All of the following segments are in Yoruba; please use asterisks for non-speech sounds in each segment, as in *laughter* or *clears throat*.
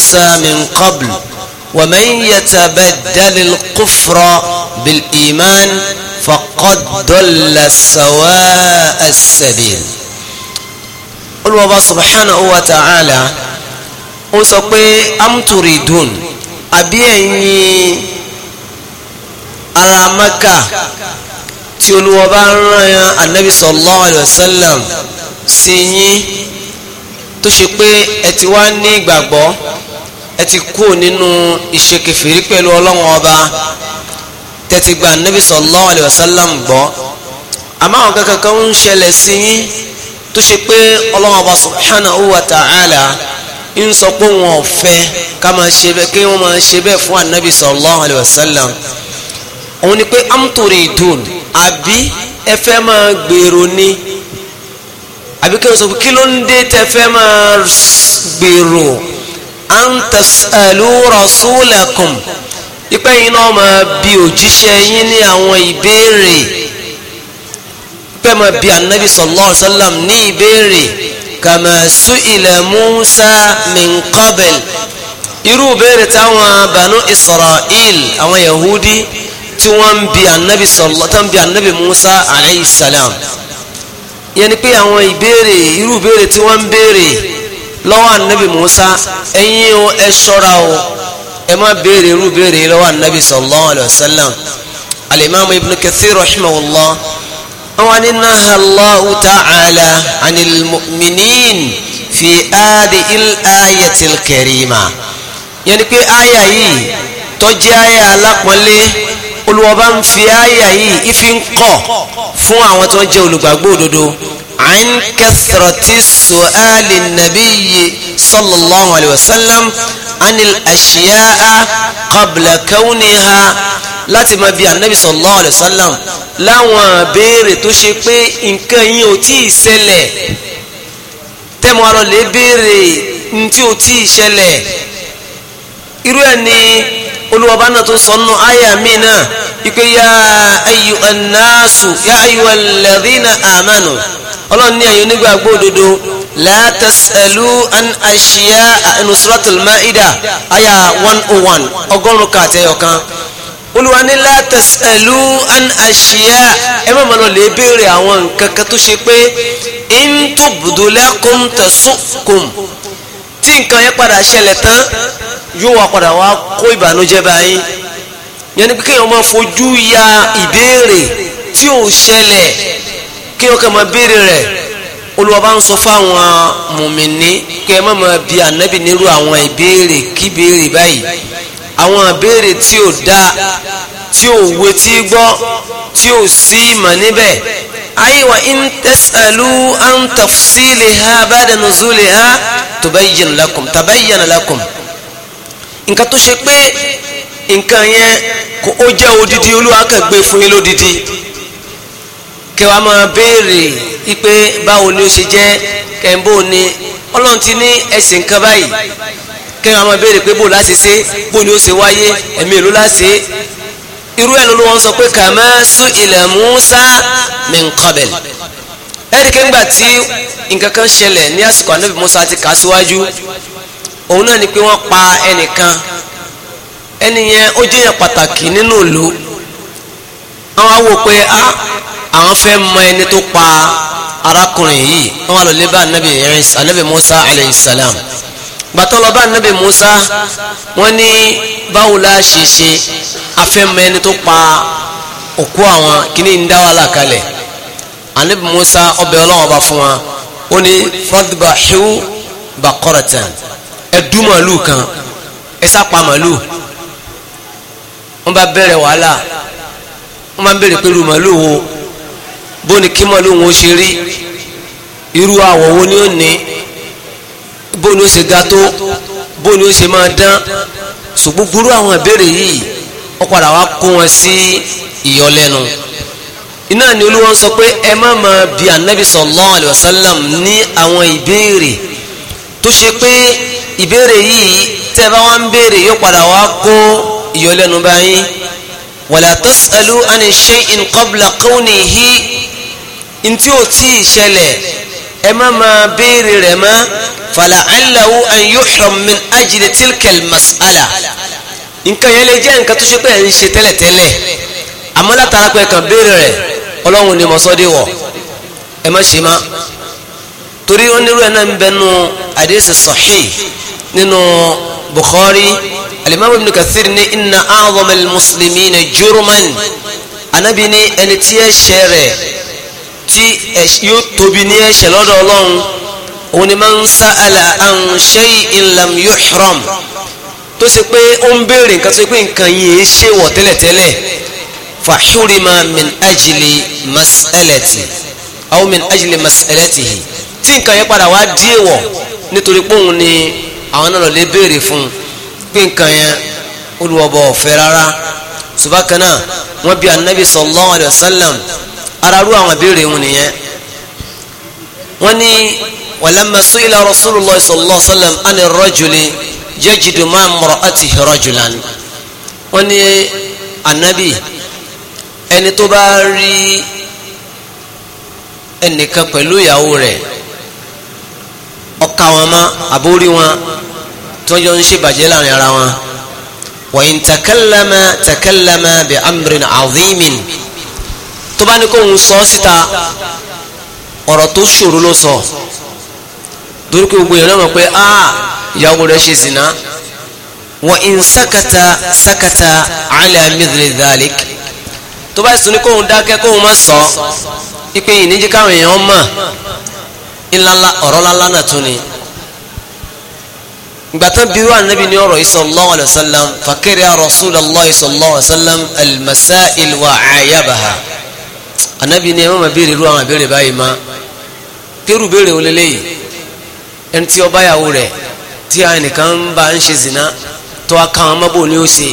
موسى من قبل ومن يتبدل الكفر بالإيمان فقد ضل سواء السبيل olùwọ́ba subhanahu wa ta'ala ó sọ pé amturidun àbí ẹ̀yin ará maka tí olùwọ́ba ń rán anabi sallallahu alayhi wa sallam sí yín tó ṣe pé ẹ ti wá ní ìgbàgbọ́ ẹ ti kú nínú ìṣe kèfèrí pẹ̀lú ọlọ́run ọba tẹ́tí gba nabi sallallahu alayhi wa sallam gbọ́ àmọ́ àwọn kankan kan ń ṣẹlẹ̀ sí yín tó ṣe pé ọlọ́run ọba subhanahu wa ta'ala ń sọ pé wọn ò fẹ́ ká máa ṣe bẹ́ẹ̀ kí wọ́n máa ṣe bẹ́ẹ̀ fún anabi sallallahu alayhi wa òun ni pé amtore dùn àbí ẹ fẹ́ máa gbèrò ni àbí kí wọ́n sọ pé kí ló ń dé tẹ́ fẹ́ máa gbèrò an tasalu rasulakum ipe yín náà máa bi òjíṣẹ́ yín ní àwọn ìbéèrè ipe máa bi anabi sallallahu alayhi wa sallam ní ìbéèrè kama su'ila musa min qabel irú ìbéèrè táwọn banu israel àwọn yahudi tí wọ́n ń bi anabi sallallahu tán bi anabi musa alayhi salam yẹn pé àwọn ìbéèrè irú ìbéèrè tí wọ́n ń béèrè lọ́wọ́ anabi musa ẹ̀yin o ẹ ṣọ́ra o ẹ má béèrè irú béèrè lọ́wọ́ anabi sallallahu alayhi wa sallam alimami ibn kathir rahimahullah wọn ni naha allahu ta'ala anil mu'minin fi adi il ayatil karima yẹn ni pé aya yìí tó jẹ́ aya alápọ̀nlé olùwọ́ba ń fi aya yìí ìfi ń kọ̀ fún àwọn tó ń jẹ́ olùgbàgbọ́ òdodo عن كثرة السؤال النبي صلى الله عليه وسلم عن الأشياء قبل كونها láti máa bi anabi sallallahu alayhi wa sallam láwọn béèrè tó ṣe pé nǹkan yín ò tí ì ṣẹlẹ̀ tẹ́mu arọ lè béèrè ní tí ò tí ì ṣẹlẹ̀ irú ẹ̀ ni olùwàbá náà tó sọ nù àyà mi náà ìpè ya ayyuhan nasu ya ayyuhal ladhina amanu ọlọ́run ní ẹ̀yin onígbàgbọ́ òdodo la tas'alu an ashiya ẹnu suratul ma'ida aya one oh one ọgọ́rùn-ún kàtẹ́ ọ̀kan olúwa ní la tas'alu an ashiya ẹ má mọ̀nà lè béèrè àwọn nǹkan kan tó ṣe pé in tubdu lakum tasukum tí nǹkan yẹn padà ṣẹlẹ̀ tán yóò wá padà wá kó ìbànújẹ́ báyìí yẹn ni pé kéèyàn máa fojú ya ìbéèrè tí ò ṣẹlẹ̀ kí wọ́n kàn máa béèrè rẹ̀ olùwàbá ń sọ fáwọn mùmìnì kí ẹ má máa bi ànábì nírú àwọn ìbéèrè kí béèrè báyìí àwọn ìbéèrè tí ò dáa tí ò wetí gbọ́ tí ò sí ìmọ̀ níbẹ̀ ayé wa in tẹ́sàlú an tafsílì ha bada nuzuli ha tubayyan lakum tabayyan lakum nǹkan tó ṣe pé nǹkan yẹn kò ó jẹ́ odidi olúwa kàn gbé fún yín lódidi kẹwàá máa béèrè wípé báwo ni ó ṣe jẹ́ kẹ́ńbó ni ọlọ́run ti ní ẹ̀sìn nǹkan báyìí kẹ́wàá máa béèrè pé bó láti ṣe bó ni ó ṣe wáyé ẹ̀mí èló láti ṣe irú ẹ̀nu ló wọ́n sọ pé kàmá sú ilẹ̀ Musa min qabl ẹ̀ríkẹ́ ńgbà tí nǹkan kan ṣẹlẹ̀ ní àsìkò ànábì Musa ti kà síwájú òun náà ni pé wọ́n pa ẹnìkan ẹni yẹn ó jẹ́yàn pàtàkì nínú ìlú àwọn awo pé a ah, àwọn fẹ́ mọ ẹni tó pa arákùnrin yìí wọ́n wà lọ́lẹ́ bá anabi Isa anabi Musa alayhi salam gbàtọ́ lọ bá anabi Musa wọ́n ní báwo la ṣe ṣe afẹ́ mọ ẹni tó pa òkú àwọn kìíní ń dá wàhálà kalẹ̀ anabi Musa ọbẹ̀ ọlọ́wọ́ bá fún wa ó ní fadbahu baqaratan ẹdú màlúù kan ẹ sá pa màlúù wọ́n bá bẹ̀rẹ̀ wàhálà wọ́n bá ń pẹ̀lú màlúù wo bó ni kí màlúù ó ṣe rí irú àwọ̀ wo ni ó ní bó ni ó ṣe ga tó bó ni ó ṣe máa dán ṣùgbọ́n gbúrú àwọn ìbéèrè yìí wọ́n padà wá kó wọn sí ìyọlẹ́nu iná ni olúwa ń sọ pé ẹ má máa bi anabi sallallahu alayhi wa sallam ní àwọn ìbéèrè tó ṣe pé ìbéèrè yìí tẹ́ bá wá ń béèrè yóò padà wá kó ìyọlẹ́nu báyìí wala tas'alu an shay'in qabla qawnihi ntí ò tí ì ṣẹlẹ̀ ẹ má máa béèrè rẹ̀ mọ́ fala'allahu an yuhram min ajli tilka al-mas'ala nǹkan yẹn lè jẹ́ nǹkan tó ṣe pé ẹ̀ ń ṣe tẹ́lẹ̀tẹ́lẹ̀ àmọ́ látara pé kàn béèrè rẹ̀ ọlọ́run ni mọ̀sọ́dé wọ̀ ẹ má ṣe má torí onírú ẹ̀ náà ń bẹnu àdéhùn sahih nínú Bukhari alimami ibn kasir ní inna a'zama al-muslimina jurman anabi ní ẹni tí ẹ̀ṣẹ̀ rẹ̀ tí yóò tóbi ní ẹ̀ṣẹ̀ lọ́dọ̀ ọlọ́run òun ni máa ń sa'ala an shay'in lam yuhram tó ṣe pé ó ń béèrè nǹkan ṣe pé nǹkan yìí ń ṣe wọ̀ tẹ́lẹ̀tẹ́lẹ̀ fàhúrìmà min ajili masalati aw min ajili masalatihi tí nǹkan yẹn padà wá díèwọ̀ nítorí pé òun ni àwọn náà lè béèrè fún un pé nǹkan yẹn olùwọ̀bọ̀ ọ̀fẹ́ rárá subakana wọn bí anabi sallallahu alayhi wa sallam araru àwọn abéèrè wọn nìyẹn wọn ní walamma su'ila rasulullah sallallahu alayhi wa sallam ani rajuli yajidu ma'a imra'atihi rajulan wọn ní anabi ẹni tó bá rí ẹnìkan pẹ̀lú ìyàwó rẹ̀ ọkà wọn àbórí wọn tí wọ́n jọ ń ṣèbàjẹ́ láàrin ara wọn wa in takallama takallama bi amrin azimin tó bá ní kó ń sọ síta ọ̀rọ̀ tó ṣòro ló sọ torí pé gbogbo èèyàn mọ̀ pé a ìyàwó rẹ̀ ṣe zina wa sakata sakata ala mithli dhalik tó bá sọ ní kó ń dákẹ́ kó ń má sọ ipe ìníjí káwọn èèyàn mọ̀ ńláńlá ọ̀rọ̀ ńláńlá náà ni gbàtàn bírú ànábì ní ọ̀rọ̀ sallallahu alaihi wasallam fàkẹrẹ Rasulullah sallallahu alaihi wasallam al-masail wa ayabaha ànábì ní ẹ máa béèrè irú àwọn àbẹrẹ báyìí má kérù béèrè wọlé léyìí ẹni tí ọba yàwó rẹ tí àwọn nìkan ń bá ń ṣe zina tó a kan ọmọ bò ní ó ṣe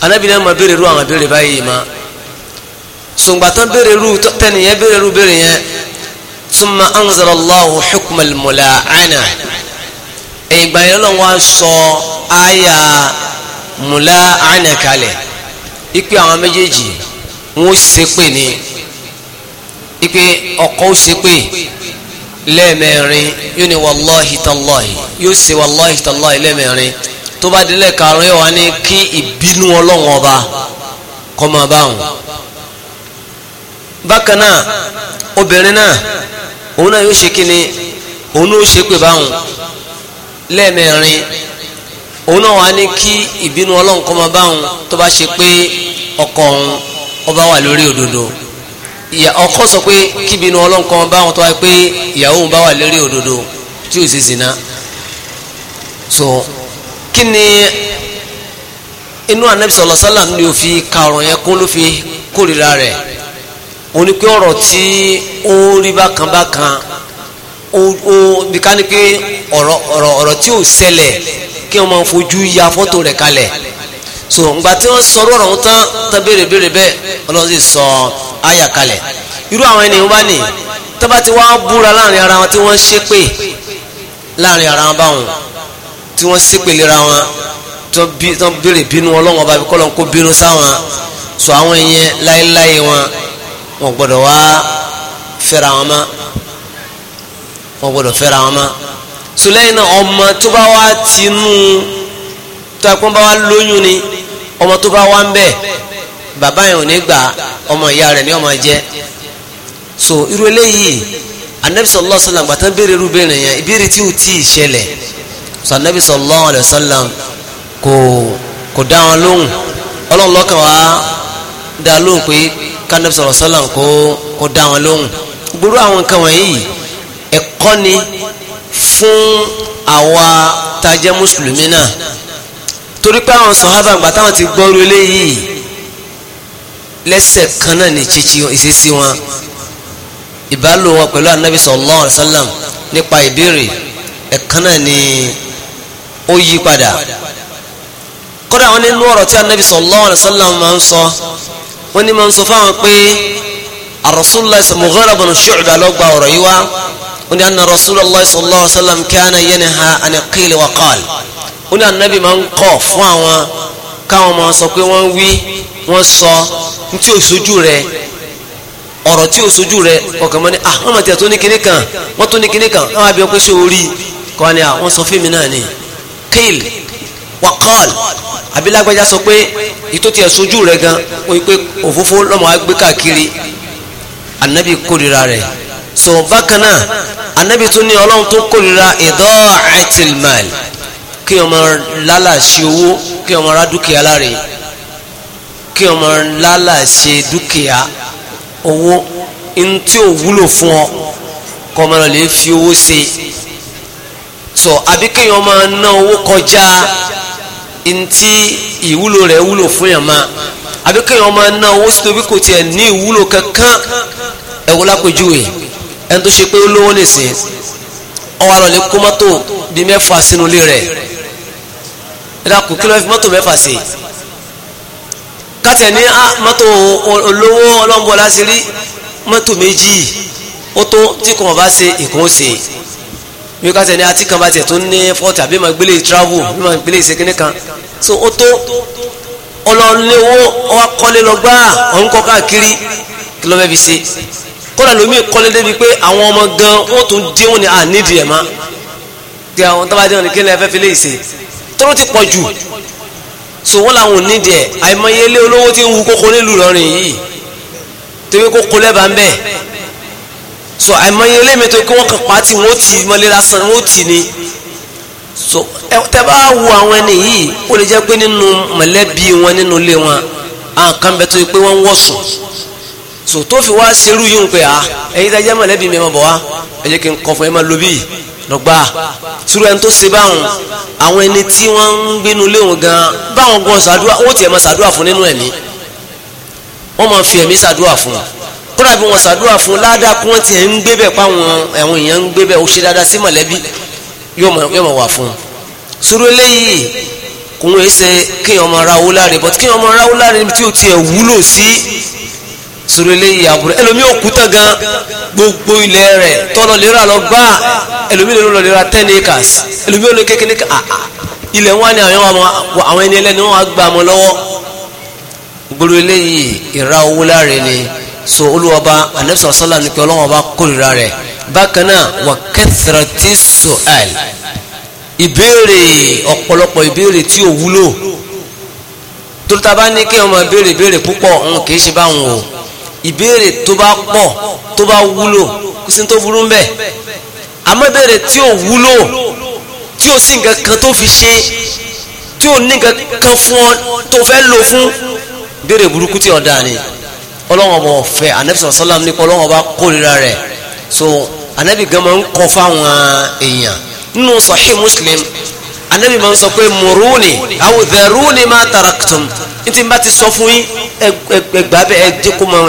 ànábì ní ẹ máa béèrè irú àwọn àbẹrẹ báyìí má sùngbàtàn béèrè irú tẹnìyẹn béèrè irú béèrè yẹn summa anzalallahu hukmal mula'ana ìgbà yẹn lọ́wọ́ a sọ àyà mùlá ànàkalẹ̀ ipe àwọn méjèèjì wọn ó ṣépè ní ipe ọkọ ó ṣépè lẹ́ẹ̀mẹ́rin yóò ní wàláhi tàláhi yóò ṣe wàláhi tàláhi lẹ́ẹ̀mẹ́rin tó bá délẹ̀ karùn-ún yóò wá ní kí ìbínú ọlọ́run ọba kọ́ máa bá wọn. bákan náà obìnrin náà òun náà yóò ṣe kí ni òun náà ó ṣépè báwọn lẹ́ẹ̀mẹrin òun náà wà ní kí ìbínú ọlọ́run kọ́ máa bá òun tó bá ṣe pé ọkọ òun ọba wà lórí òdodo ọkọ sọ pé kí ìbínú ọlọ́run kọ́ máa bá òun tó wá pé ìyàwó òun bá wà lórí òdodo tí ò sì zina so kí ni inú anabi sọlọ sálà ni o fi ka ọ̀rọ̀ yẹn kún ló fi kórìíra rẹ̀ òun ni tí ó rí bákan bákan o bìkà ni pé ọ̀rọ̀ ọ̀rọ̀ ọ̀rọ̀ tí kí wọ́n máa fojú ya fọ́tò rẹ̀ kalẹ̀ so ǹgbà tí wọ́n sọ̀rọ̀ ọ̀rọ̀ tán tán béèrè béèrè bẹ́ẹ̀ ọlọ́run sì sọ àyà kalẹ̀ irú àwọn ènìyàn bá nì tọ́ba ti wá búra láàrin ara wọn tí wọ́n ṣépè láàrin ara wọn báwọn tí wọ́n ṣépè lera wọn tó béèrè bínú ọlọ́run ọba kọ́ kó bínú sáwọn so àwọn ìyẹn láéláé wọn wọn gbọ́dọ̀ wá fẹ́ra wọn mọ́ wọn gbọ́dọ̀ fẹ́ra wọn mọ́ sùlẹ́yìn náà ọmọ tó bá wá tinú tó ẹ̀kún bá wá lóyún ni ọmọ tó bá wá ń bẹ̀ bàbá yẹn ò ní gbà ọmọ ìyá rẹ̀ ni ọmọ jẹ́ so irú eléyìí anabi sallallahu alaihi wasallam gbàtà béèrè irú béèrè yẹn ìbéèrè tí ò tí ì ṣẹlẹ̀ so anabi sallallahu alaihi wasallam kò kò dá wọn lóhùn ọlọ́run lọ́kàn wá dá lóhùn pé kanabi sallallahu alaihi kò kò dá wọn lóhùn gbogbo àwọn nǹkan wọ̀nyí yìí ẹ̀kọ́ ni fún àwa tá a jẹ́ mùsùlùmí náà torí pé àwọn sọ̀hábà gbà táwọn ti gbọ́ rẹ léyìí lẹ́sẹ̀ kan náà ní títí ìṣesí wọn ìbálò wọn pẹ̀lú anabi sallallahu alaihi wasallam nípa ìbéèrè ẹ̀kan náà ni ó yí padà kódà wọn nínú ọ̀rọ̀ tí anabi sallallahu alaihi máa ń sọ wọn ni máa ń sọ fáwọn pé ar-rasulullah Mughira bin ọ̀rọ̀ yìí wá ó ní anna rasulullah sallallahu alayhi wa sallam kana yanha an qil wa qal ó ní anabi máa ń kọ̀ fún àwọn káwọn máa sọ pé wọ́n wí wọ́n sọ ntí ò sojú tí ò sojú rẹ̀ ọkàn mọ́ ni ah wọ́n máa tẹ̀ kinní kan wọ́n tó ní kinní kan wọ́n á bí wọ́n orí kọ́ ni à ah, wọ́n sọ fún mi náà ni qil wa qal abilágbájá sọ pé ìtò tiẹ̀ sojú rẹ̀ gan wọ́n pé òfófó lọ́mọ agbé káàkiri anabi kórira rẹ̀ so bákan náà anabi tún ní ọlọ́run tó kórìíra ida'atil mal kí ọmọ lálàṣe owó kí ọmọ ra dúkìá láre kí ọmọ lálàṣe dúkìá owó ntí ò wúlò fún ọ kọ́ ọmọ lè fi owó ṣe so àbí kéèyàn máa ná owó kọjá ntí ìwúlò rẹ̀ wúlò fún yàn máa àbí kéèyàn máa ná owó sí tóbi kò tiẹ̀ ní ìwúlò kankan ẹ̀wọ́ lápèjúwe. E ẹni tó ṣe pé ó lówó nìsín ọwọ́ àlọ́ lè kó mọ́tò bíi mẹ́fà sínú ilé rẹ̀ ẹ̀dá kò kí ló fi mọ́tò mẹ́fà sí kátẹ̀ ní ah, mọ́tò olówó ọlọ́mbọ lásìrí mọ́tò méjì ó tó tí kò wọ́n bá ṣe ìkún sí bí kátẹ̀ ní àti kan bá tẹ̀ tó ní fọ́ọ̀tì àbí máa gbélé travel bí máa gbélé ìṣèkínní kan so ó tó ọlọ́ọ̀lẹ́wọ́ ọwọ́ kọ́lé lọ gbá ọ̀nkọ́ káàkiri kí ló fẹ́ fi ṣe kọ́lá lómi kọ́lé débi pé àwọn ọmọ gan wọ́n tún dín wọn ni à nídìí ẹ̀ má kí àwọn tó bá wọn ni kí ni ẹ fẹ́ fi tọ́lọ́ ti pọ̀ jù so wọ́n làwọn ò nídìí ẹ̀ àìmọye ilé olówó ti ń wu kókó nílùú lọ́rìn yìí tẹ́wé kókó lẹ́bàá ń bẹ̀ so àìmọye ilé mi tó kí wọ́n kàn pàtì wọ́n tì mọ́lé lásán wọ́n tì ni so ẹ tẹ bá wo àwọn ẹni yìí ó lè jẹ́ pé nínú mọ̀lẹ́bí wọn nínú ilé wọn àwọn so tó fi wá serú yìí ń pè á ah, ẹ̀yin dájẹ́ mọ̀lẹ́bí mi ẹ̀ máa bọ̀ wá ẹ jẹ́ kí n kọ́ fún ẹ máa lo bíi lọ́gbà sùrù ẹni tó ṣe báwọn àwọn ẹni tí wọ́n ń gbénu léwọn gan báwọn gan ṣàdúrà wọ́n tiẹ̀ máa ṣàdúrà fún nínú ẹ̀mí wọ́n máa fi ẹ̀mí ṣàdúrà fún kódà bí wọ́n ṣàdúrà fún ládàá kí wọ́n tiẹ̀ ń gbé bẹ̀ pa àwọn èèyàn ń gbé bẹ̀ ó ṣe dáadáa sí mọ̀lẹ́bí yóò máa wà fún un sùrù eléyìí kò ń ṣe kéèyàn máa ra owó láre but kéèyàn máa ra owó láre níbi tí ó tiẹ̀ wúlò sí sọ̀rọ̀ eléyìí àbúrò ẹlòmí òkúta gan gbogbo ilẹ̀ rẹ̀ tọ́lọ lera lọ gbá ẹlòmí lera lera ten acres ẹlòmí olè kékeré ká ah, ah. ilẹ̀ wọn ni àwọn ẹni ẹlẹ́ni wọn gbà mọ́ lọ́wọ́ gbogbo eléyìí ìra owó láre ni so olúwọba anẹ́sọ̀ sọ́là ní pé ọlọ́wọ́n bá kórìíra rẹ̀ bákan náà wà kẹ́tìrẹ́tì sọ́ẹ̀l ìbéèrè ọ̀pọ̀lọpọ̀ ìbéèrè tí ò wúlò tó tá a bá ní kí ọmọ béèrè béèrè púpọ̀ òun kì í ṣe báwọn o ìbéèrè tó bá pọ̀ tó bá wúlò kò sí tó burú mbẹ́ àmọ́ ìbéèrè tí ò wúlò tí ò sí nǹkan kan tó fi ṣe tí ò ní nǹkan kan fún ọ tó fẹ́ lò fún ìbéèrè burúkú tí ọ̀dà ni ọlọ́wọ́n bọ̀ fẹ́ anabi sọ̀rọ̀ nípa ọlọ́wọ́n bá kórira rẹ̀ so anabi gan máa ń kọ́ fáwọn èèyàn nínú sahih muslim anabi máa ń sọ pé mùrúni aw dharuni ma taraktum ntí n bá ti sọ fún yín ẹgbà bẹ́ẹ̀ ẹ jẹ́ kó máa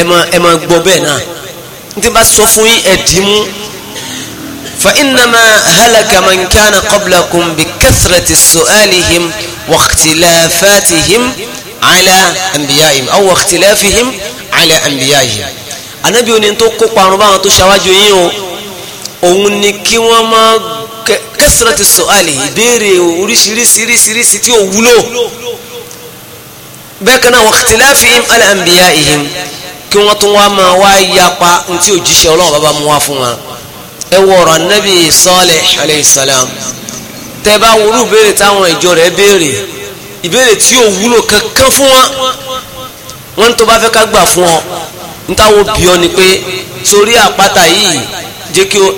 ẹ máa ẹ máa gbọ́ bẹ́ẹ̀ náà ntí n bá sọ fún yín ẹ dì í mú fa innama halaka man kana qablakum bi kathrati su'alihim wa ikhtilafatihim ala anbiya'ihim aw ikhtilafihim ala anbiya'ihim anabi oní tó kó parun báwọn tó ṣáwájú yín o òun ni kí wọ́n máa kẹsìrẹ́tì sọ̀álì ìbéèrè oríṣiríṣiríṣiríṣi tí ó wúlò bẹ́ẹ̀ kan náà wàhátìláfi ala anbiya'ihim kí wọ́n tún wá máa wá yapa ntí òjíṣẹ́ ọlọ́run bàbá mu wá fún wa ẹ wọ̀rọ̀ anabi Salih alayhi salam tẹ́ bá wúlò béèrè táwọn ìjọ rẹ̀ béèrè ìbéèrè tí ó wúlò kankan fún wa wọ́n tó bá fẹ́ ká gbà fún ọ nítawọ̀ bí ọ ni pé sórí àpáta yìí jẹ́ kí o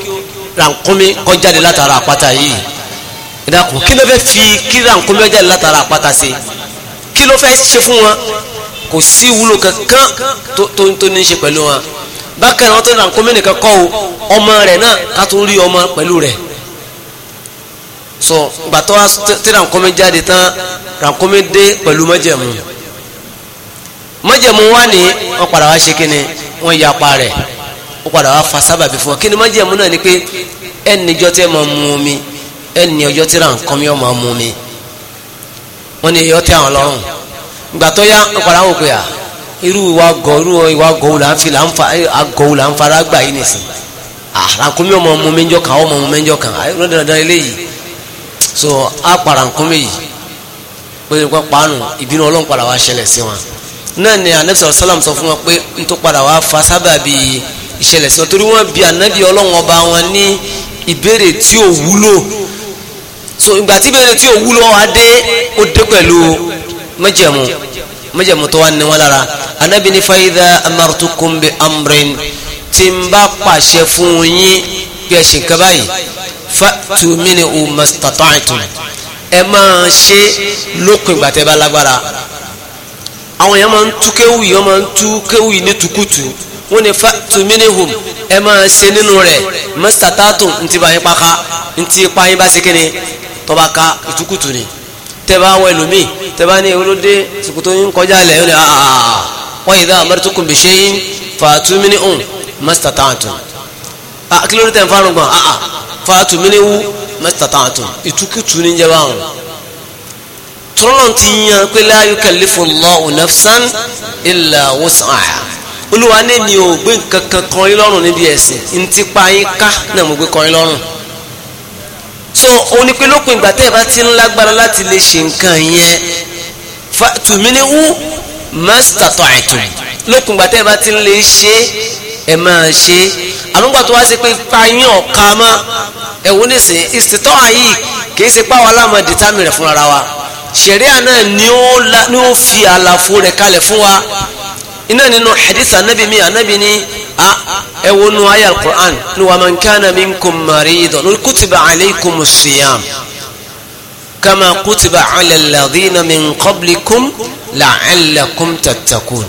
rànkúnmí kọjáde látara àpáta yìí ìdàkùn kí ló fẹ́ fi kí rànkúnmí kọjáde látara àpáta ṣe kí ló fẹ́ ṣe fún wọn kò sí wúlò kankan tó tó ní ṣe pẹ̀lú wọn bákan náà tó rànkúnmí nìkan kọ́ o ọmọ rẹ̀ náà ká tó rí ọmọ pẹ̀lú rẹ̀ so gbàtọ́ tí rànkúnmí jáde tán rànkúnmí dé pẹ̀lú májẹ̀mú májẹ̀mú wá ní wọn padà wá ṣe kí wọn yapa rẹ̀ ó padà wá fa sábàbí fún wa kí ni má jẹ̀mú náà ni pé ẹnì ọjọ́ tẹ́ máa mú mi ẹnì ọjọ́ tí ra nǹkan mi ọ̀ máa mú mi wọ́n ní ẹ̀yọ́ tẹ́ àwọn lọ́rùn ìgbà tó yá ó padà wọ́n pé à irú ìwà gọ̀ irú ìwà gọ̀ wò là ń fi là ń fa wò là ń yìí nìsín àràǹkún mi ọmọ mú mi ń jọ kàn ọmọ mú mi ń jọ kàn àìrọ́ dandan eléyìí so á paraǹkún mi yìí pé nípa paánu ìbínú ọlọ́run padà wá ṣẹlẹ̀ sí wọn náà ni anabi sọ̀rọ̀ sálàm sọ fún wọn pé n padà wá fa sábàbí ìṣẹ̀lẹ̀ sí wọn torí wọ́n bi ànábì ọlọ́run ọba wọn ní ìbéèrè tí ò wúlò so ìgbà tí ìbéèrè tí ò wúlò adé ó dé pẹ̀lú májẹ̀mú májẹ̀mú tó wà ní wọn lára ànábì ní fàyídà amartukum bi amrin tí n bá pàṣẹ fún yín bí ẹ ṣe nǹkan báyìí fatu minhu mastata'tum ẹ máa ṣe lókun ìgbà tẹ́ bá lágbára àwọn èèyàn máa ń tú kéwì wọ́n máa ń tú kéwì ní tukutu wọ́n ní fatu minihum ẹ máa ṣe nínú rẹ̀ mọ́sátátù ntí bá yín paka ntí pa yín bá ṣe kíni tọ́ba ka ìtukùtù ni tẹ́bá wọ ẹlòmíì tẹ́bá ní olóde sòkòtò yín kọjá lẹ̀ yóò ní aa wọ́n yìí dá amartukum bi shay'in fatu minihum mọ́sátátù a kí ló dé tẹ̀ ń fárùn gbọ́n aa fatu minihu mọ́sátátù ìtukùtù ni jẹ́ báwọn tọ́lọ́n ti yan pé la yukallifu Allahu nafsan illa wus'aha olúwa ní mi ò gbé nǹkan kan kan yín lọ́rùn níbi ẹ̀sìn ní pa yín ká náà mo gbé kan yín lọ́rùn so òun ni pé lópin ìgbà tẹ́ ẹ bá ti ń lágbára láti lè ṣe nǹkan yẹn fa tùmínú wú mọ́sítàtọ̀ àìtùm lópin ìgbà tẹ́ ẹ bá ti ń lè ṣe ẹ máa ṣe àmúgbà tó wá sí pé fáyín ọ̀ka mọ́ ẹ̀wọ́n nísìnyí ìsìtọ́ àyè kìí ṣe pàwọ́ aláàmọ̀ dìtámì rẹ̀ fúnra wa ṣẹ̀ríà náà ni ó fi àlàfo rẹ̀ kalẹ̀ fún wa iná nínú hadith anabi mi anabi ni a ẹ wọnú ayé alquran ni wa man kana minkum maridan lórí kutiba alaykum siyam kama kutiba ala alladhina min qablikum la'allakum tattaqun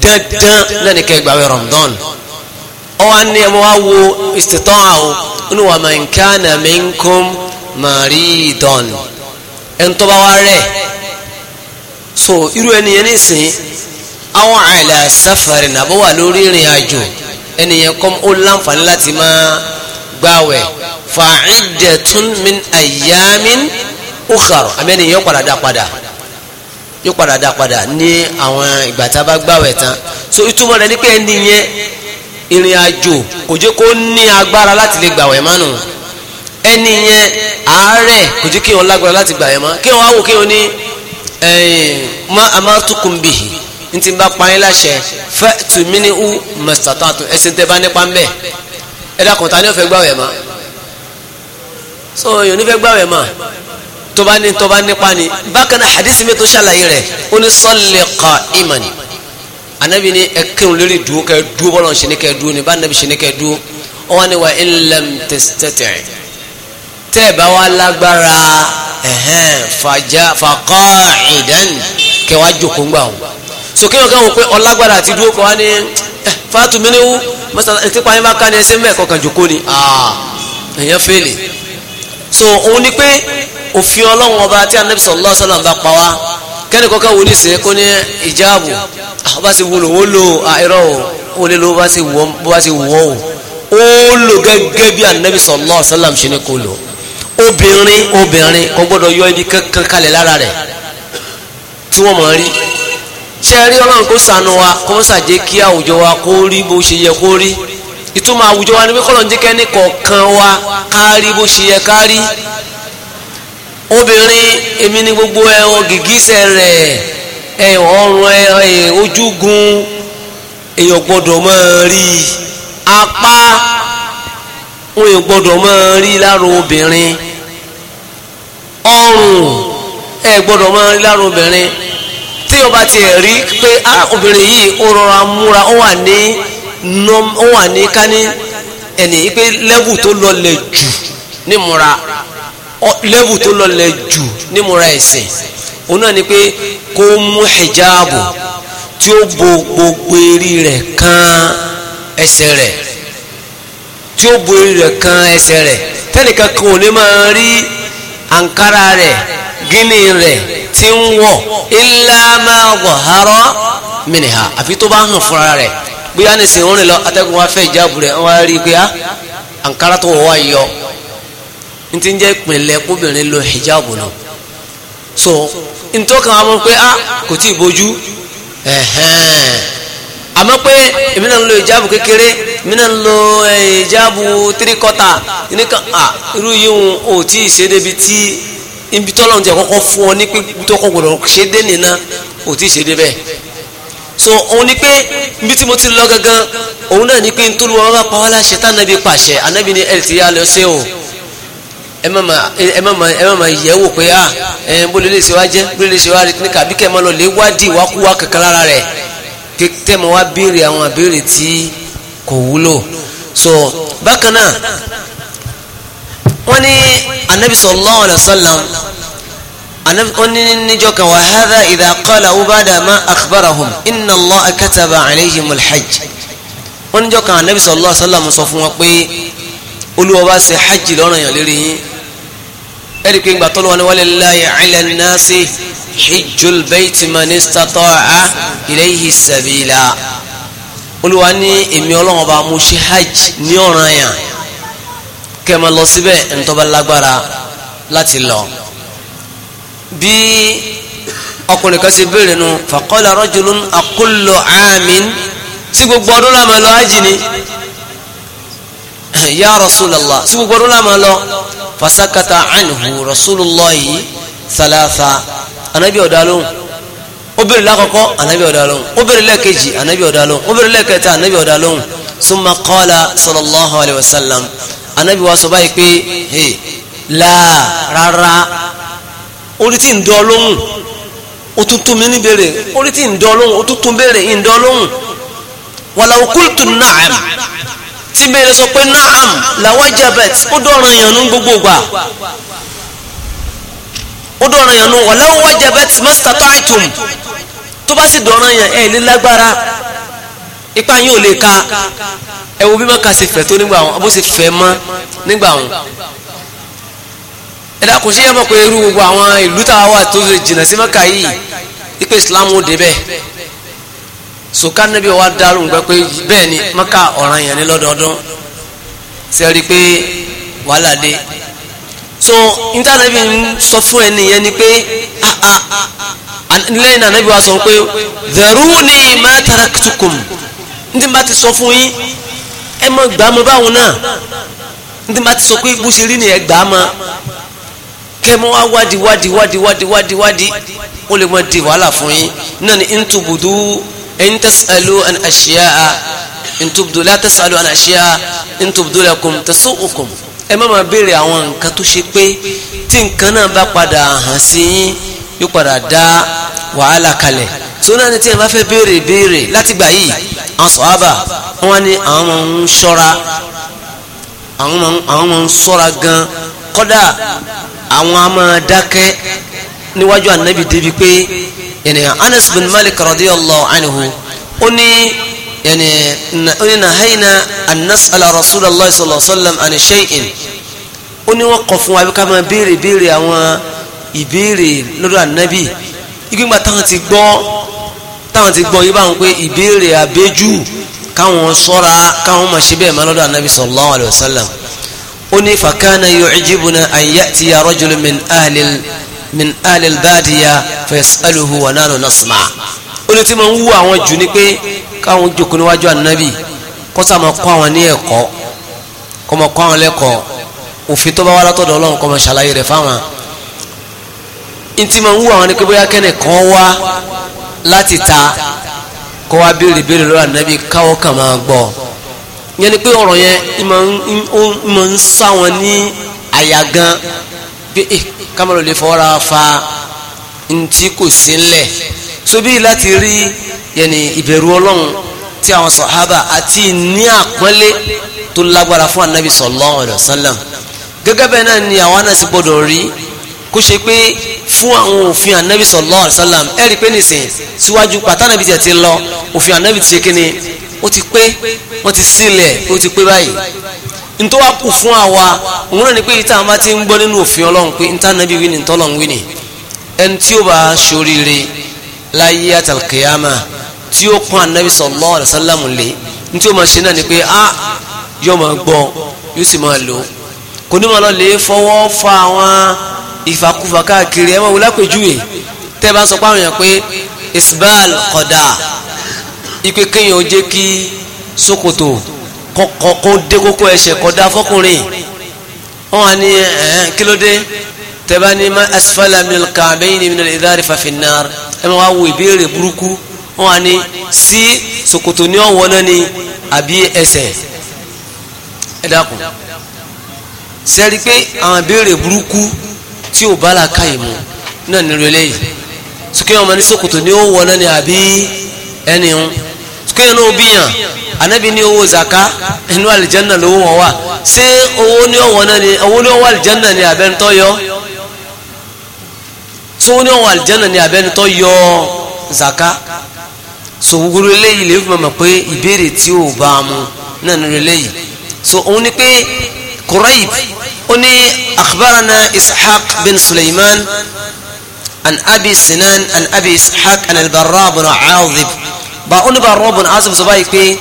dandan lẹni kẹ gbàwé ramadan ọwọ ni ẹ mọ wá wo istita'a o ni wa man kana minkum maridan ẹn tó bá wá rẹ so irú ẹni yẹn ní ìsìn. àwọn àìlà sáfàrì nàbọ̀ wà lórí ìrìn àjò ẹnìyẹn kọ́ ó láǹfààní láti máa gbààwẹ̀ fa'iddatun min ayyamin ukhar àmẹ́nìyàn yóò padà dá padà yóò padà dá padà ní àwọn ìgbà tá a bá gbààwẹ̀ tán so ìtumọ̀ rẹ̀ ní pé ẹnìyẹn ìrìn àjò kò jẹ́ kó ní agbára láti lè gbààwẹ̀ mánu ẹni àárẹ̀ kò jẹ́ kí wọn lágbára láti gbà mọ́ kí wọn á wò kí wọn ní ma amartukum bihi n ti bá pààyàn láṣẹ fẹ́ tùmínú u mọ̀sítàtà tó ẹsẹ̀ tẹ́ bá nípa ń bẹ̀ ẹ dákun ta ni ó fẹ́ gbàwẹ̀ mọ́ so yòó ní fẹ́ gbàwẹ̀ mọ́ tó bá ní tó bá nípa ni bákan náà hadith mi tó ṣàlàyé rẹ̀ ó ní sọ́ọ̀lì kọ́ ìmọ̀ ni anabi ni ẹ kírun lórí dúró kẹ dúró bọ́lọ̀ ṣe ni kẹ dúró ni bá anabi ṣe kẹ dúró wọn ni wà ilẹ̀m tẹ̀sítẹ̀tẹ̀ tẹ́ ẹ bá wà lágbára ẹ̀hẹ́n fàjà fàkọ́ ìdán kẹwàá jòkó ń wọn sókè wọn káwọn pé ọlágbára àti dúró kọ wá ní eh, fàtú mi níwú mọ́sálà ètí eh, pa yín bá ká ní ẹsẹ̀ mẹ́ẹ̀ kọkàn jòkó ni ah, èèyàn fèlè so òun ni pé òfin ọlọ́run ọba tí anabi sallallahu alaihi wasallam bá pa wá kẹ́ni kọ́kọ́ wo ní sẹ́ kó ní ìjáàbù ah, bá ṣe wo lò ó lò àìrọ̀ o ó lè lo bá ṣe wọ́ o ó lò gẹ́gẹ́ bí anabi sallallahu alaihi wasallam ṣe ni kò lò obìnrin obìnrin kò gbọ́dọ̀ yọ ibi kankan kalẹ̀ lára rẹ̀ tí wọ́n mọ̀ rí ṣe rí ọlọ́run kó sànù wa kó mọ́ sàjẹ́ kí àwùjọ wa kó rí bó ṣe yẹ kó rí ìtumọ̀ àwùjọ wa ni pé kọ́lọ̀ ń jẹ́ kẹ́ni kọ̀ọ̀kan wa ká rí bó ṣe yẹ ká rí obìnrin èmi ni gbogbo ẹran gìgísẹ̀ rẹ̀ ẹ ọrùn ẹ ojúgun èèyàn gbọ́dọ̀ máa rí apá wọn èèyàn gbọ́dọ̀ máa rí lára obìnrin ọrùn ẹ gbọ́dọ̀ máa rí lára obìnrin tí o bá ti rí pé ah, obìnrin yìí ó rọra múra ó wà ní ó wà ní kání ẹni pé lẹ́bù tó lọlẹ̀ jù ní lẹ́bù tó lọlẹ̀ jù ní ẹ̀sìn òun náà ni pé kó mú hijabu tí ó bo gbogbo eré rẹ̀ kan ẹsẹ̀ rẹ̀ tí ó bo eré rẹ̀ kan ẹsẹ̀ rẹ̀ tẹ́nìkan kan ò ní máa rí àǹkárá rẹ̀ gíní rẹ̀ tí ń wọ̀ illa ma zahara minha àfi tó bá hàn fúnra rẹ̀ bóyá ní sìn orin lọ atẹ́gùn wa fẹ́ ìjáàbù rẹ̀ wọ́n á rí i pé á ah, àǹkárá tó wọ́ yọ ní ti ń jẹ́ ìpìlẹ̀ kóbìnrin lo hijabu náà so ntọ́ka wa mọ̀ pé ah, kò tí ì bójú àmọ́ pé èmi náà ń lo ìjáàbù kékeré èmi náà ń lo eh, ìjáàbù tíríkọ́tà nìkan ah, irú yìí ò tí ì ṣe débi tí ibi tọ́lọ́run ti kọ́kọ́ fún ọ ní pé tọ́kọ̀ gbọ́dọ̀ ṣe dé nìna ò tí ì ṣe dé bẹ́ẹ̀ so òun ni pé ibi tí mo ti lọ gangan òun náà ni pé nítorí wọn bá pa wá láṣẹ tá ànábì pàṣẹ ànábì ni ẹ ti yá lọ sí o ẹ má ma ẹ má ma ẹ ma yẹ wò pé a ẹ bó lè lè ṣe wá jẹ bó lè lè ṣe wá rí kíníkà bí kẹ́ ẹ má lọ lè wádìí wákúwá kankan lára rẹ̀ tẹ́ mọ́ wá béèrè àwọn àbèrè tí kò wúlò so bákan náà wọ́n ní anabi sallallahu alayhi wa sallam anabi níjọ́ kan wà hadha idha qala ubada ma akhbarahum inna allaha kataba alayhim alhajj wọ́n níjọ́ kan anabi sallallahu alayhi wa sallam sọ fún wọn pé olúwa bá ṣe hajj lọ́rùn yàn lérí yín ẹ̀rí pé ìgbà tọ́lọ́wọ́ ni walillahi ala nnasi hijjul bayti man istata'a ilayhi sabila olúwa ní èmi ọlọ́wọ́n bá mo ṣe hajj ní ọ̀ràn yàn kẹmọ lọ síbẹ̀ ntọ́ba lágbára láti lọ. bí ọkùnrin kan ṣe béèrè nu faqala rajulun aqullu aamin sí gbogbo ọdún la máa lọ ájì ni *clears throat* ya rasulallah sí gbogbo ọdún la máa lọ fasakata anhu rasulullahi salasa anabi ọ̀dàlóhùn ó béèrè lákọ̀ọ́kọ́ anabi ọ̀dàlóhùn ó béèrè lẹ́ẹ̀kejì anabi ọ̀dàlóhùn ó béèrè lẹ́ẹ̀kẹta anabi ọ̀dàlóhùn summa qala sallallahu alayhi wa sallam anabi wa sọ báyìí pé hey láà rárá orí tí ń dọ́ lóhùn ó tún tún mi ní béèrè orí tí ń dọ́ lóhùn ó tún tún béèrè ń dọ́ lóhùn wàlá okultu naam tí n béèrè sọ pé naam lawajabat ó dọ̀ràn yàn gbogbo gbà ó dọ̀ràn yàn wàlá wajabat mastata'tum tó bá sì dọ̀ràn yàn ẹ̀ ní lágbára ipa yín ò lè ka ẹ wo bí mọ́ka ṣe fẹ̀ tó nígbà wọn bó ṣe fẹ̀ mọ́ nígbà wọn ẹ dákun ṣe yẹ mọ̀ pé irú gbogbo àwọn ìlú tá a wà tó jìnnà sí mọ́ka yìí ipe Islam ó débẹ̀ sùkà níbi wa dárò ń gbẹ pé bẹ́ẹ̀ ni mọ́ka ọ̀ràn yẹn ní lọ́dọọdún ṣe pé wàhálà dé so intanẹbi ń sọ fún ẹni yẹn ni pé lẹ́yìn náà nẹ́bí wa sọ pé dharuni ma taraktukum ní tí n bá ti sọ fún yín ẹ mọ gbà mọ báwọn náà ní tí n bá ti sọ pé bó ṣe rí ni ẹ gbà mọ kẹ mọ wá wádìí wádìí wádìí wádìí wádìí wádìí ó lè mọ di wàhálà fún yín náà ni ntubudu ẹni tẹsílẹ ẹni ntubudu la tẹsílẹ ẹni ntubudu lakum tasu'ukum ẹ má máa béèrè àwọn nǹkan tó ṣe pé tí nǹkan náà bá padà hàn sí yín yóò padà dá wàhálà kalẹ̀ sọ náà ni tí ẹ bá fẹ́ béèrè béèrè láti gbà yìí àwọn sọ̀hábà wọ́n ní àwọn máa ń ṣọ́ra àwọn máa ń ṣọ́ra gan kọ́dà àwọn a máa dákẹ́ níwájú ànábì débi pé yẹnì Anas bin Malik radiyallahu anhu ó ní yẹnì ó ní nahayna an nas'ala Rasulullah sallallahu alaihi wasallam an shay'in ó ní wọ́n kọ̀ fún wa ká máa béèrè béèrè àwọn ìbéèrè lọ́dọ̀ ànábì ìgbìmọ̀ táwọn ti gbọ́ táwọn ti gbọ́ yí báwọn pé ìbéèrè abéjú káwọn sọ́ra káwọn máa ṣe bẹ́ẹ̀ má lọ́dọ̀ anabi sallallahu alayhi wa sallam ó ní fakana yu'jibuna an ya'tiya rajulun min ahlil min ahlil badiya fayasaluhu wa nanu nasma ó ní tí mo ń wú àwọn jù ni pé káwọn jókòó níwájú anabi kọ́sà máa kọ́ àwọn ní ẹ̀kọ́ kọ́ máa kọ́ àwọn lẹ́kọ̀ọ́ òfin tó bá wá látọ̀dọ̀ ọlọ́run kọ́ máa ṣàlàyé rẹ̀ fáwọn ntí máa ń wú àwọn ni pé bóyá kẹ́nìkan láti ta kó wá béèrè béèrè lọ́wọ́ ànábì káwọ́ kà máa gbọ́ yẹn ni pé ọ̀rọ̀ yẹn ìmọ̀ ń sá wọn ní àyà gan pé ẹ eh, kámẹ́rọ̀ lè fọwọ́ra fa ntí kò sí ńlẹ̀ so láti rí yẹn ni ìbẹ̀rù ọlọ́run tí àwọn sọ̀hábà àti ní àpọ́nlé tó lágbára fún ànábì sallallahu alaihi wasallam gẹ́gẹ́ bẹ́ẹ̀ náà ni àwọn náà gbọ́dọ̀ rí kó ṣe pé fún àwọn òfin anabi sallallahu alaihi wasallam ẹ rí i pé nìsín síwájú pàtàkì tiẹ̀ ti lọ òfin anabi ti ṣe kí ó ti pé wọ́n ti sílẹ̀ ó ti pé báyìí ntọ́ wa kù fún àwa òun náà ni pé ìta àwọn bá ti ń gbọ́ nínú òfin ọlọ́run pé níta nàbí wí ni ntọ́lọ́run wí ni ẹni tí ó bá ṣoríire láyé àtàlùkìyàmà tí ó kún anabi sallallahu alaihi wasallam lé ntí ó máa ṣe náà ni pé a yóò máa gbọ́ yóò sì máa lò kò ní máa lọ lè fọwọ́ fa àwọn ìfàkúfà káàkiri ẹ mọ̀ wò lápèjúwe tẹ́ bá sọ páwọn èèyàn pé isbal kọ̀dà ipe kéèyàn ó jẹ́ kí ṣòkòtò kọ́kọ́ dé kókó ẹsẹ̀ kọ̀dà fọkùnrin wọ́n wà ní ẹ̀ẹ́n kí ló dé tẹ́ bá ní asfala min al-ka'bayni min al-idhari fa ẹ mọ̀ wá wo ìbéèrè burúkú wọ́n wà ní sí ṣòkòtò ní ọ̀wọ́ ni àbí ẹsẹ̀ ẹ dákun sẹ́ẹ̀rí pé àwọn ìbéèrè burúkú tí ò bá làákà ìmú náà ní rẹ lẹ́yìn sùkú ọmọ ní ṣòkòtò ní ó wọ náà ni àbí ẹni ń sùkú ẹni ó bíyàn anabi ní owó zaka inú àlìjánà lówó wọn wà ṣé owó ní ọwọ́ náà ni owó ní ọwọ́ àlìjánà ni àbẹ́ntọ́ yọ tó ní ọwọ́ àlìjánà ni àbẹ́ntọ́ yọ zaka so gbogbo eléyìí lè fi mọ̀ pé ìbéèrè tí ò bá mu náà ní rẹ lẹ́yìn so òun ni pé Quraib أني أخبرنا إسحاق بن سليمان عن أبي سنان عن أبي إسحاق عن البراء بن عاظب بأن براء بن عاظب زبايك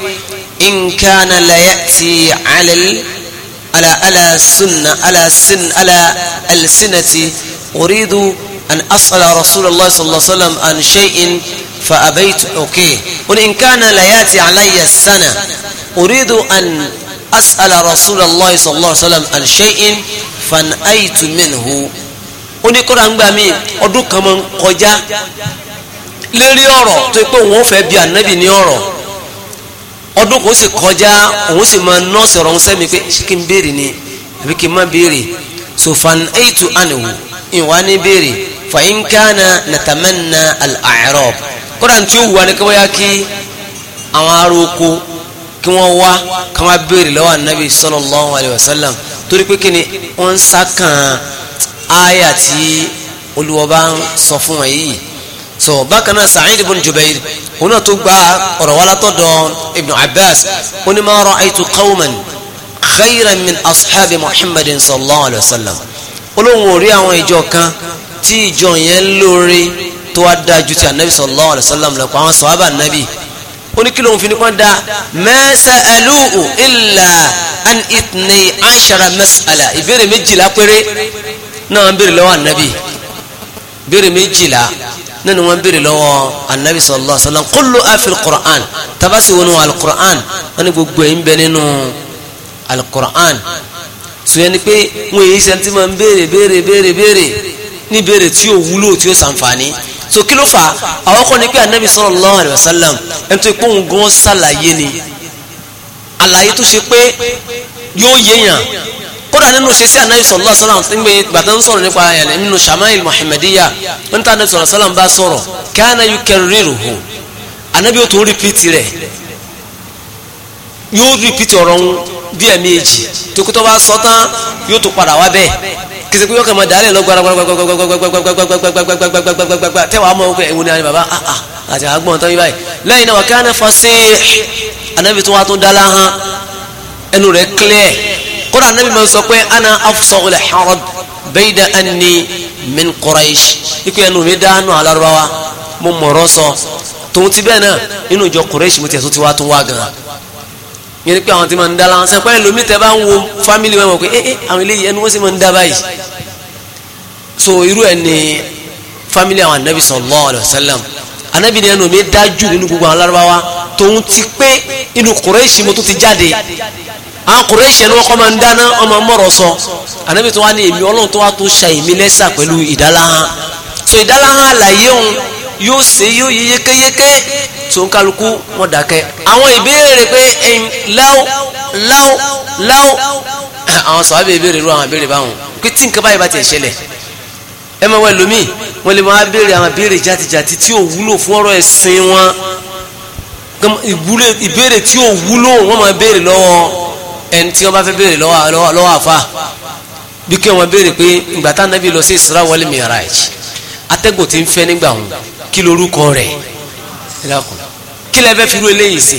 إن كان لا يأتي على ال... على على سنة على سن على السنة أريد أن أسأل رسول الله صلى الله عليه وسلم عن شيء فأبيت أوكي وإن كان لا يأتي علي السنة أريد أن أسأل رسول الله صلى الله عليه وسلم fan aitu minhu ó ní kọ́ra ń gbà mí ọdún kan máa ń kọjá lérí ọ̀rọ̀ tó pé òun ò fẹ́ bi ànábì ní ọ̀rọ̀ ọdún kò sì kọjá òun sì máa nọ́ọ̀sì ọ̀rọ̀ ọ̀hún sẹ́mi pé ṣé kí n béèrè ni àbí kí n má béèrè so fan eitu aniwu ìwà ni béèrè fàyín kánà nàtàmẹ́nà al-a'rab kọ́ra wù wá ní kí wọ́n yá kí àwọn ará kí wọ́n wá kí wọ́n béèrè lọ́wọ́ anabi sallallahu alayhi wa sallam torí pé kíni wọ́n ń sákàn áyà tí olùwọ́ba ń sọ fún wọn yìí so bákan náà Sa'id ibn Jubayr òun náà tó gba ọ̀rọ̀ wa látọ̀dọ̀ Ibn Abbas ó ní ma ra'aytu qawman khayran min ashabi Muhammadin sallallahu alayhi wa sallam olóhùn ò rí àwọn ìjọ kan tí ìjọ yẹn lóore tó wá dáa ju ti anabi sallallahu alayhi wa sallam lọ pa àwọn sọ̀hábà oníkìlọ̀ òun fi ní kàn da mẹ́sà ẹlúù ìlà an itni ashara mas'ala ìbéèrè méjìlá péré náà ń béèrè lọ́wọ́ ànábì béèrè méjìlá nínú wọn béèrè lọ́wọ́ ànábì sallallahu alaihi wasallam kullu afil qur'an tabasi wọnú alukur'an wọn ni gbogbo ẹ̀ ń bẹ nínú alukur'an sùnyẹn ni pé wọn èyí sẹ́ńtì máa ń béèrè béèrè béèrè béèrè ní béèrè tí yóò wúlò tí yóò sànfàní so kí ló fà á àwọn kan ní pé anabi sallallahu alaihi wasallam ẹni tó ipò ń gan ṣàlàyé ni àlàyé tó ṣe pé yóò yéèyàn kódà nínú ṣe sí anabi sallallahu alaihi wasallam nígbà bàtà ń sọ̀rọ̀ nípa ayẹyẹ nínú shama'il muhammadiya wọn ta anabi sallallahu alaihi bá sọ̀rọ̀ kana yukarriruhu anabi ó tó rìpìtì rẹ̀ yóò rìpìtì ọ̀rọ̀ ń bí ẹ̀mí èjì tó kó bá sọ tán yóò tó padà wá bẹ́ẹ̀ kìsì pé yọkàn máa dálẹ̀ lọ gbaragbaragbaragbaragbaragbaragbaragbaragbaragbaragbaragbaragbaragbaragbara tẹ́wàá mọ̀ ọ́kẹ́ ẹ̀wọ̀n ni a ní bàbá àà àti àgbọ̀n tán yí báyìí lẹ́yìn náà wà káyọ̀ náà fọ́sẹ̀ anabi tó wá tó dá láhán ẹnu rẹ̀ clear kódà yẹn ni pé àwọn ti máa ń dá láwọn sẹ́pẹ́ lómi tẹ́ bá ń wo fámìlì wọn pé ee eh, eh, àwọn eléyìí ẹni wọ́n sì máa ń dá báyìí so irú ẹ̀ ni fámìlì àwọn anabi sallallahu alayhi wa sallam anabi ni ẹnu mi dájú nínú gbogbo àwọn Lárúbáwá tòun ti pé inú Kùrẹ́ṣì mo tún ti jáde àwọn Kùrẹ́ṣì ẹni wọ́n kọ́ máa ń dáná wọ́n máa ń mọ̀rọ̀ sọ anabi tó wá ní èmi ọlọ́run tó wá tó ṣa èmi lẹ́sà pẹ̀lú ìdáláhàn so ìdáláhàn àlàyé òun yóò ṣe yóò yékéyéké so ń kálukú wọn dákẹ́ àwọn ìbéèrè pé ẹ̀yìn láó láó láó eh, àwọn sọ̀hábẹ̀ ìbéèrè ru àwọn ìbéèrè báwọn pé tí nǹkan báyìí bá ti ṣẹlẹ̀ ẹ máa wọ ẹlòmíì wọn lè máa béèrè àwọn ìbéèrè jàtijàti tí ò wúlò fún ọ̀rọ̀ ẹ̀sìn wọn ìbéèrè tí ò wúlò wọn máa béèrè lọ́wọ́ ẹni tí wọn bá fẹ́ béèrè lọ́wọ́ àfa bí kí wọn béèrè pé ìgbà tá nàbí ti ń fẹ́ nígbà wọn kí lorúkọ rẹ̀ ẹ dákun kí lẹ fẹ́ firu eléyìí sí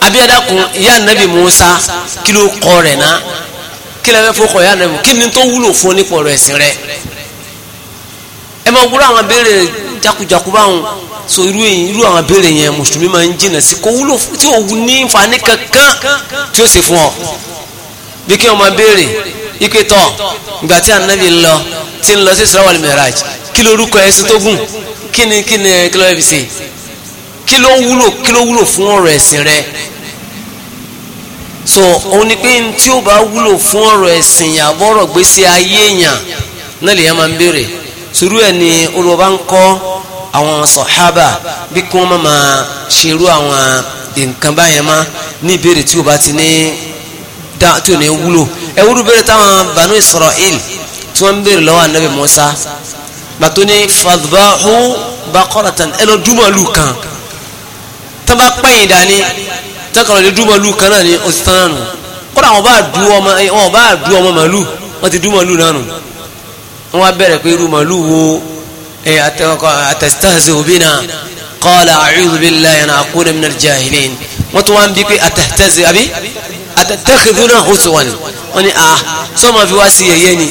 abiyada kun ìyá nabi musa kí ló kọ rẹ̀ ná kí lẹ fẹ́ fọkọ ìyá nabi kí ni tó wúlò fún nípa ọ̀rọ̀ ẹ̀sìn rẹ̀ ẹ máa gbúrò àwọn abéèrè jakujaku báwọn so irú èyí irú àwọn abéèrè yẹn mùsùlùmí máa ń jìnà sí kó wúlò tí ò ní nfààní kankan tí ó sì fún ọ bí kí wọn máa béèrè ike tọ ìgbà tí anabi ń lọ tí ń lọ sí Isra wal kí lorúkọ ẹ̀sìn tó gùn kí ni kí ni kí lọ́ọ́ fi ṣe kí ló wúlò kí ló wúlò fún ọ̀rọ̀ ẹ̀sìn rẹ so òun ni pé tí ó bá wúlò fún ọ̀rọ̀ ẹ̀sìn àbọ̀rọ̀ gbèsè ayé èèyàn náà lè yẹn máa ń béèrè sùúrù ẹ̀ ni olùwọ́ba ń kọ́ àwọn sọ̀hábà bí kí wọ́n máa ṣerú àwọn nǹkan báyẹn má ní ìbéèrè tí ó bá ti ní dá tí ò ní wúlò ẹ wúlò béèrè táwọn banu Israel tí wọ́n ń béèrè lọ́wọ́ anabi Musa gbàtó ní fadbahu baqaratan ẹ kan tó bá pẹ́yìn dání tọkàn lè dúmọ̀ lù kan náà ní oṣù tán náà nù kódà wọn bá du ọmọ eh, wọn bá du ọmọ màálù wọn ti dúmọ̀ lù náà nù wọn wá bẹ̀rẹ̀ pé irú màálù wo eh, atastahzi'u bina qala a'udhu billahi an akuna min al-jahilin wọn tún wá ń bí pé atastahzi'u àbí atattakhidhuna huzuwan wọn ni ah sọ́mọ́ fi wá sí yẹ̀yẹ́ ni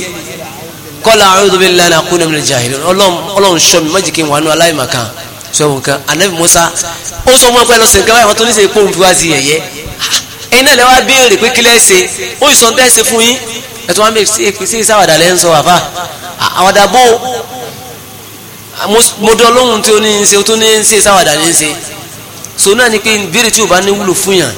qala a'udhu billahi an akuna min al ọlọ́run ṣọ́ mi má wà nù aláìmọ̀kan sọ̀rọ̀ nǹkan anabi musa ó sọ fún ọpẹ́ lọ́sẹ̀ nǹkan báyìí wọn tó ní sè é pòun fi wá sí yẹ̀yẹ́ ẹ̀yin náà lè wá béèrè pé kílẹ̀ ṣe ó sì sọ ń tẹ́sí fún yín ẹ̀tọ́ wọn bèèrè sí ìsáwàdà lẹ́yìn sọ àfà àwàdà bó mo dán lóhun tí ó ní ṣe tó ní ṣe ìsáwàdà ní ṣe so náà ni pé béèrè tí ò bá ní wúlò fún yàn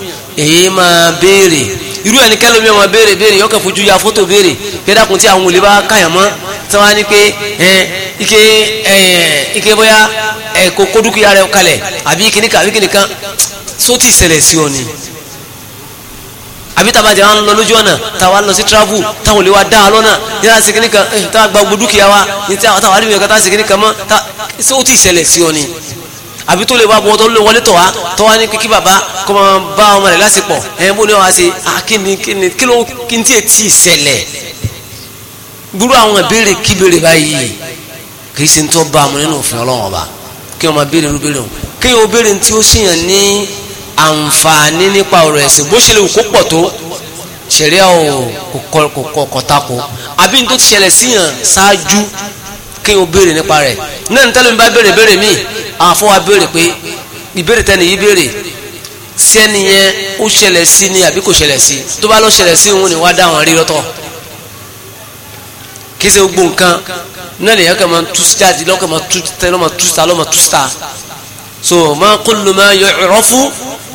èyí máa béèrè irú ẹni kẹ́lẹ́ mi ọmọ béèrè béèrè yọkẹ́ fojú ya fótó béèrè kẹ́dàkùn tí àwọn olè bá káyàn mọ́ tí wọ́n á ní pé ike ike bóyá kókó dúkìá rẹ̀ kalẹ̀ àbí kìnìkan àbí kìnìkan sótì ìṣẹ̀lẹ̀ sí ọ ni àbí tàbá jẹ́ wọn lọ lójú ọ̀nà tàwa lọ sí travel táwọn olè wa dá a lọ́nà yàrá sí kìnìkan táwa gba gbogbo wa ní tí àwọn àríwẹ̀ kọ́tà sí kìnìkan mọ́ sótì ìṣẹ̀lẹ̀ sí ọ ni àbí tó lè wá bọ́ tó lè wọlé tọ̀ wá tó wá ní kíkí bàbá kó máa bá ọmọ rẹ̀ lásìpọ̀ ẹ̀ bó ní wàá ṣe kíni kíni kí ló kí n tí ètí ìṣẹ̀lẹ̀ gbúrú àwọn ìbéèrè kí béèrè báyìí kì í ṣe ń tọ́ bá ọmọ nínú òfin ọlọ́wọ́n ọba kí wọ́n máa béèrè irú béèrè wọn kí wọ́n béèrè tí ó sì yàn ní àǹfààní nípa ọ̀rọ̀ ẹ̀sìn bó ṣe lè kó pọ̀ tó ṣẹ̀ríà ò kò kọ̀ àbí ní tó ti ṣẹlẹ̀ síyàn ṣáájú kí n ò béèrè nípa rẹ̀ náà nítorí mi bá béèrè béèrè mí àfọwọ́ wa béèrè pé ìbéèrè tẹ́ni yìí béèrè sẹ́ni yẹn ó ṣẹlẹ̀ sí ni àbí kò ṣẹlẹ̀ sí tó bá lọ ṣẹlẹ̀ sí òun ni wá dá wọn rí lọ́tọ̀ kí ṣe gbogbo nǹkan náà lèyàn kàn máa tú jáde lọ́kàn máa tú tẹ lọ́mọ tú ta lọ́mọ tú ta so ma kullu ma yu'rafu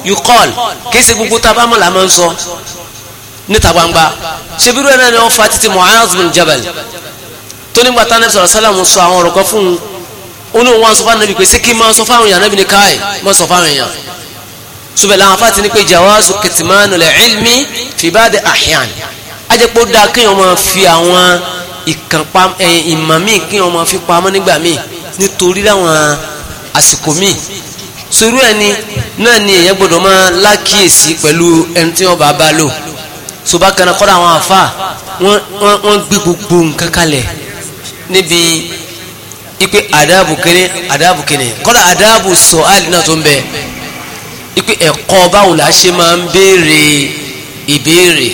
yuqal kí ṣe gbogbo tá a bá mọ̀ là máa ń sọ níta gbangba ṣe bí rẹ̀ náà ni wọ́n fa títí Mu'az tó nígbà tá nẹ́bí sọ̀rọ̀ sálàmù sọ àwọn ọ̀rọ̀ kan fún un ó ní wọn sọ fún anabi pé sí kí máa sọ fáwọn èèyàn anabi ní káì mọ́ sọ fáwọn èèyàn sùbẹ̀ làwọn afáàtì ní pé jawazu kìtìmánu lẹ̀ ilmi fìbáde àhíàn ajẹ́pọ̀ dáa kí wọ́n máa fi àwọn ìkànpá ìmọ̀ míì kí wọ́n máa fi pamọ́ nígbà míì nítorí láwọn àsìkò míì sùúrù ẹni náà ni èèyàn gbọ́dọ̀ máa lákìyèsí pẹ̀lú ẹni tí wọ́n bá bá lò sùbákan náà kọ́ra àwọn àfáà wọ́n gbé gbogbo nǹkan kalẹ̀ níbi ipe àdáàbù kínní àdáàbù kínní kọ́dà àdáàbù sọ̀hálì náà tó ń bẹ ipe ẹ̀kọ́ báwo la ṣe máa ń béèrè ìbéèrè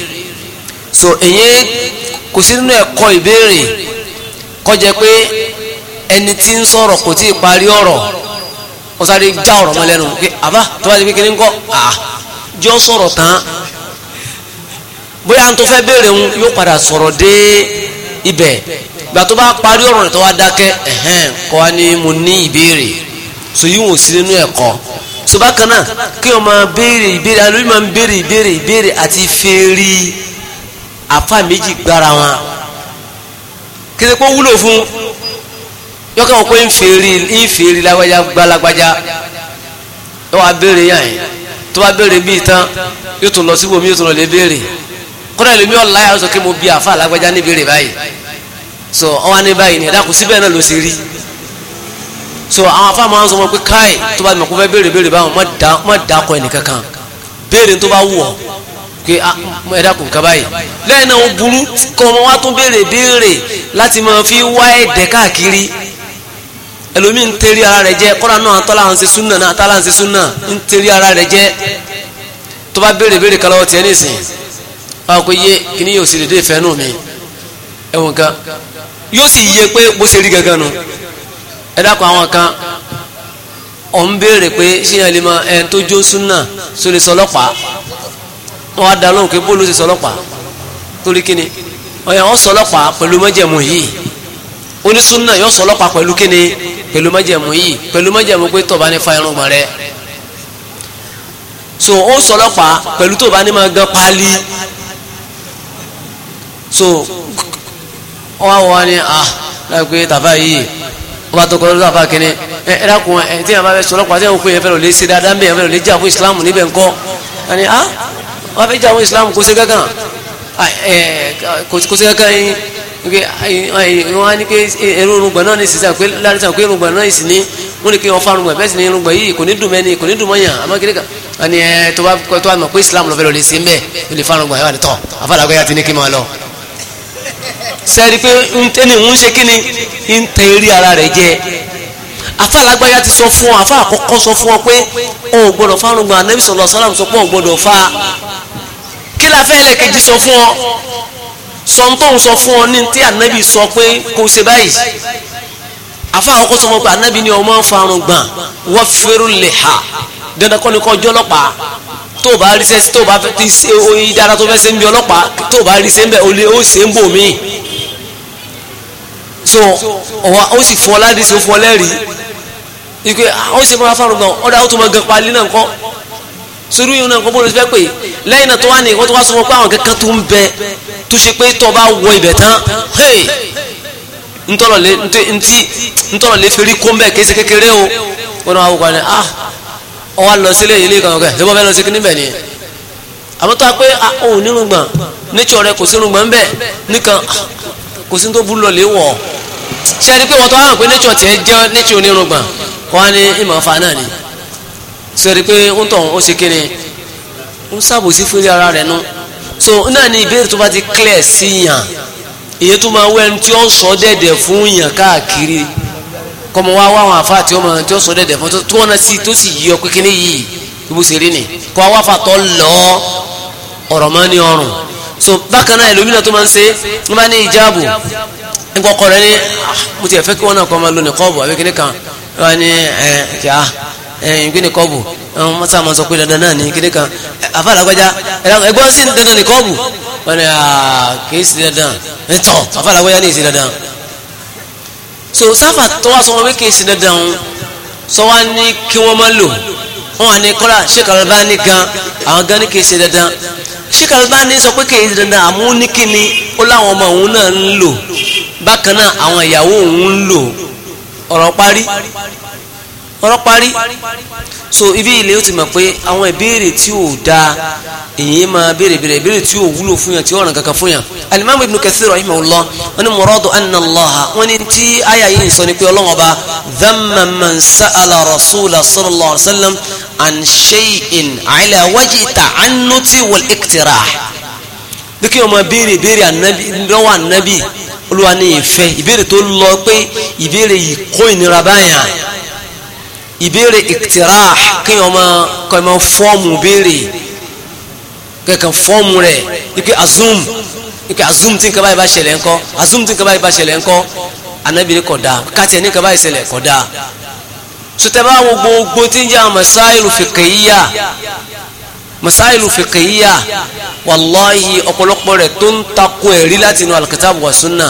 so èyàn kò sí nínú ẹ̀kọ́ ìbéèrè kọjá pé ẹni tí ń sọ̀rọ̀ kò tí ì parí ọ̀rọ̀ wọ́n sáré já ọ̀rọ̀ mọ́ lẹ́nu pé àbá tó bá ti fi kíní ń kọ́ àá jọ sọ̀rọ̀ tán bóyá n tó fẹ́ béèrè ń yóò padà sọ̀rọ̀ dé ibẹ̀ gbà tó bá parí ọ̀rọ̀ rẹ̀ tó wá dákẹ́ ẹ̀hẹ́n kọ́ wa ni mo ní ìbéèrè so yíwọ̀n sí nínú ẹ̀kọ́ so bákan náà kí wọ́n máa béèrè ìbéèrè alóyè máa ń béèrè ìbéèrè ìbéèrè àti fèèrè àfa méjì gbára wọn kí ló kó wúlò fún yọkọ wọn pé ń fèèrè ń fèèrè lágbájá gbalagbájá yọ wá béèrè yàn yìí tó bá béèrè bíi tán yóò tún lọ síbòmí yóò tún lọ lè béèrè kọ́nà ìlú mi ọ̀ láyà sọ pé mo bí àfa lágbájá ní báyìí so ọwọ́ ní báyìí ni ẹ̀dá kù síbẹ̀ náà ló ṣe rí so àwọn afá máa ń sọ wọn pé káì tó bá mọ̀ kó fẹ́ béèrè béèrè báwọn má dákọ̀ ẹnìkankan béèrè tó bá wù ọ́ pé ah, ẹ̀dá kù nǹkan báyìí lẹ́yìn náà ó burú kọ́ ọmọ wa tún béèrè béèrè láti máa fi wá ẹ̀dẹ̀ káàkiri ẹlòmí ń tẹ̀rí ara rẹ̀ jẹ́ kọ́ra náà tọ́lá ń ṣe súnà náà tọ́lá ń ṣe súnà ń tẹ̀rí ara rẹ̀ jẹ́ tó bá béèrè béèrè kalọ́ tiẹ̀ nísìnyí báwo pé yé kíní yóò sì dédé fẹ́ nù mí ẹ̀wọ̀n kan yóò sì yẹ pé bó ṣe rí gangan nu ẹ dákun àwọn kan ọ̀ ń béèrè pé ṣé ẹ lè mọ ẹ tó jó súnà só lè sọ ọlọ́pàá wọn á da lóhùn pé bó ló ṣe sọ ọlọ́pàá torí kíni ọ̀yà wọn sọ ọlọ́pàá pẹ̀lú májẹ̀mú yìí onísúnà yóò sọ ọlọ́pàá pẹ̀lú kíni pẹ̀lú májẹ̀mú yìí pẹ̀lú májẹ̀mú pé tọ̀bá ní fa irun gbọ̀n rẹ̀ so ó sọ ọlọ́pàá pẹ̀lú tọ̀bá ní máa gan páálí so ọwọ́ wọn ni ah láìpẹ́ tàfà yìí ọba tó kọ́ lọ́dún tàfà kínní ẹ ẹ dákun ẹ tí yẹn bá fẹ́ sọ ọlọ́pàá tí yẹn kó yẹn fẹ́ lọ lé sí dáadáa ń bẹ̀ yẹn fẹ́ lọ lé jà fún Islam níbẹ̀ ńkọ́ ẹni ah wọ́n fẹ́ jà fún Islam kó sí kankan kò sí kankan yín wọ́n á ní pé ẹrú irungba náà ní sísan pé láti sàn pé irungba náà sì ní wọ́n ní kí wọ́n fa irungba bẹ́ẹ̀ sì ní irungba yìí kò ní dùn mẹ́ni kò ní dùn mọ́yàn àmọ́ kí ni tó bá mọ̀ pé Islam lọ́fẹ́ lọ lè sí mbẹ́ lè fa irungba yóò wà ní tọ́ àfàlàgbé yà ti ní kí n máa lọ sẹ́rí pé ntẹ́ni ń ṣe kíni ń tẹ eré ara rẹ̀ jẹ afa alágbáyà ti sọ fún ọ afa àkọ́kọ́ sọ fún ọ pé ọ ò gbọdọ̀ fa arúgbó anabi sọlọ sọlá sọ pé ọ gbọdọ̀ fa kí la fẹ́ ẹlẹ́kejì sọ fún ọ sọ̀ntọ́n sọ fún ọ ní tí anabi sọ pé kò ṣe báyìí afa àkọ́kọ́ sọ fún ọ pé anabi ni ọmọ ń fa arúgbó wọ́n fẹ́rù lè ha dandan kọ́ ni kọ́ jọ́lọ́pàá tó o bá rí sẹ́sí tó o bá ti ṣe oyin dára tó fẹ́ ṣe ń bí ọlọ́pàá tó o bá rí sẹ́ ń bẹ̀ o ṣe ń bò míì so ọwọ ó sì fún ọ láti ṣe fún ọ lẹ́rìí ipe ah, ó sì máa fárun gan ọ̀dà ó tún máa gan palí náà kọ́ sórí yìí náà kọ́ bó ló ti fẹ́ pé lẹ́yìn náà tó wá ní ìwọ́n tó wá sọ fún ọ pé àwọn kankan tó ń bẹ tó ṣe pé tó bá wọ ibẹ̀ tán hey ntọ́lọ̀lé ntí ntọ́lọ̀lé fi rí kó ń bẹ̀ kése kékeré o wọn náà wá kọ́ ni ah ọwọ́ lọ sílé ilé kan kẹ́ ẹ̀bọ́n fẹ́ lọ sí kíní bẹ̀ nìyẹn àmọ́ tó a pé ah òun nírùngbọ̀n nítsọ̀ rẹ kò sírùngbọ̀n ń bẹ̀ nìkan ah, kò sí tó burú lọ lè wọ̀ ṣe ẹni pé wọ́n tó hàn pé nature tiẹ̀ jẹ́ nature onírùngbọ̀n kọ́ wá ní ìmọ̀ náà ni ṣe ẹni pé ń tọ̀ ó ṣe kíni ń ṣàbòsí fún ara rẹ̀ nu so náà ni ìbéèrè tó bá ti clear sí yàn èyí tó máa wẹ́ ẹni tí ó sọ dẹ̀dẹ̀ fún yàn káàkiri kọmọ wa wá àwọn àfa tí ó máa tí ó sọ dẹ̀dẹ̀ fún tó wọn sí tó sì yí ọ kékeré yìí ibùsùn rí ni kọ́ wa wá fà tọ́ ọ̀rọ̀ mọ́ ní ọrùn so bákan náà ẹlòmínà tó máa ń ṣe wọ́n bá ní ìjáàbù nípa ọkọ rẹ ní ah, mo ti ẹ̀fẹ́ kí wọ́n náà kọ́ máa lo nìkọ́ọ̀bù àbí kíní kan wọ́n ní ẹ̀ kí á ẹ̀yìn gbé nìkọ́ọ̀bù wọ́n mọ́tà máa sọ pé dandan náà ní kíní kan àfàlàgbájá ẹ̀gbọ́n sí dandan nìkọ́ọ̀bù wọ́n ní kì sí dandan ẹ̀tọ́ àfàlàgbájá ní ìsí dandan so sáfà tó wá sọ wọn pé kì í sí dandan sọ wá ní kí wọ́n máa lò wọ́n wà ní kọ́lá ṣé kàlọ́ bá ní gan àwọn gan ní kì sí dandan Sheikh Albani sọ pé kèyí dandan àmúnikíni ó láwọn ọmọ òun náà ń lò bákan náà àwọn ìyàwó òun ń lò ọ̀rọ̀ parí ọ̀rọ̀ parí so ibi ilé ó ti mọ̀ pé àwọn ìbéèrè tí ò dáa èyí máa béèrè béèrè ìbéèrè tí ò wúlò fún yàn tí ò ràn kankan fún yàn alimami ibn Kathir rahimahullah wọn ni muradu anna Allaha wọn ni tí àyà yìí ń sọ ni pé Ọlọ́hun Ọba dhamma man sa'ala rasulahu sallallahu alaihi wa sallam an shay'in ala wajhi ta'annuti wal iktirah dúkìá ọmọ béèrè béèrè ànábì lọ́wọ́ ànábì olúwa ní ìfẹ́ ìbéèrè tó lọ pé ìbéèrè yìí kó ìnira báyà ìbéèrè iktirah kéèyàn ọmọ kọ́ ọmọ fọ́ọ̀mù béèrè kẹ̀kẹ́ fọ́ọ̀mù rẹ̀ ike azum ike azum tí nǹkan báyìí bá ṣẹlẹ̀ ńkọ́ azum tí nǹkan báyìí bá ṣẹlẹ̀ ńkọ́ ànábì kódà káàtì ẹ̀ ní nǹkan báyìí ṣẹlẹ̀ kódà sotẹ́bá wo gbogbo tí ń jẹ́ àwọn masáìlù fìkìyà masáìlù fìkìyà wàláhì ọ̀pọ̀lọpọ̀ rẹ̀ tó ń takò ẹ̀rí láti inú alkitabu wa sunna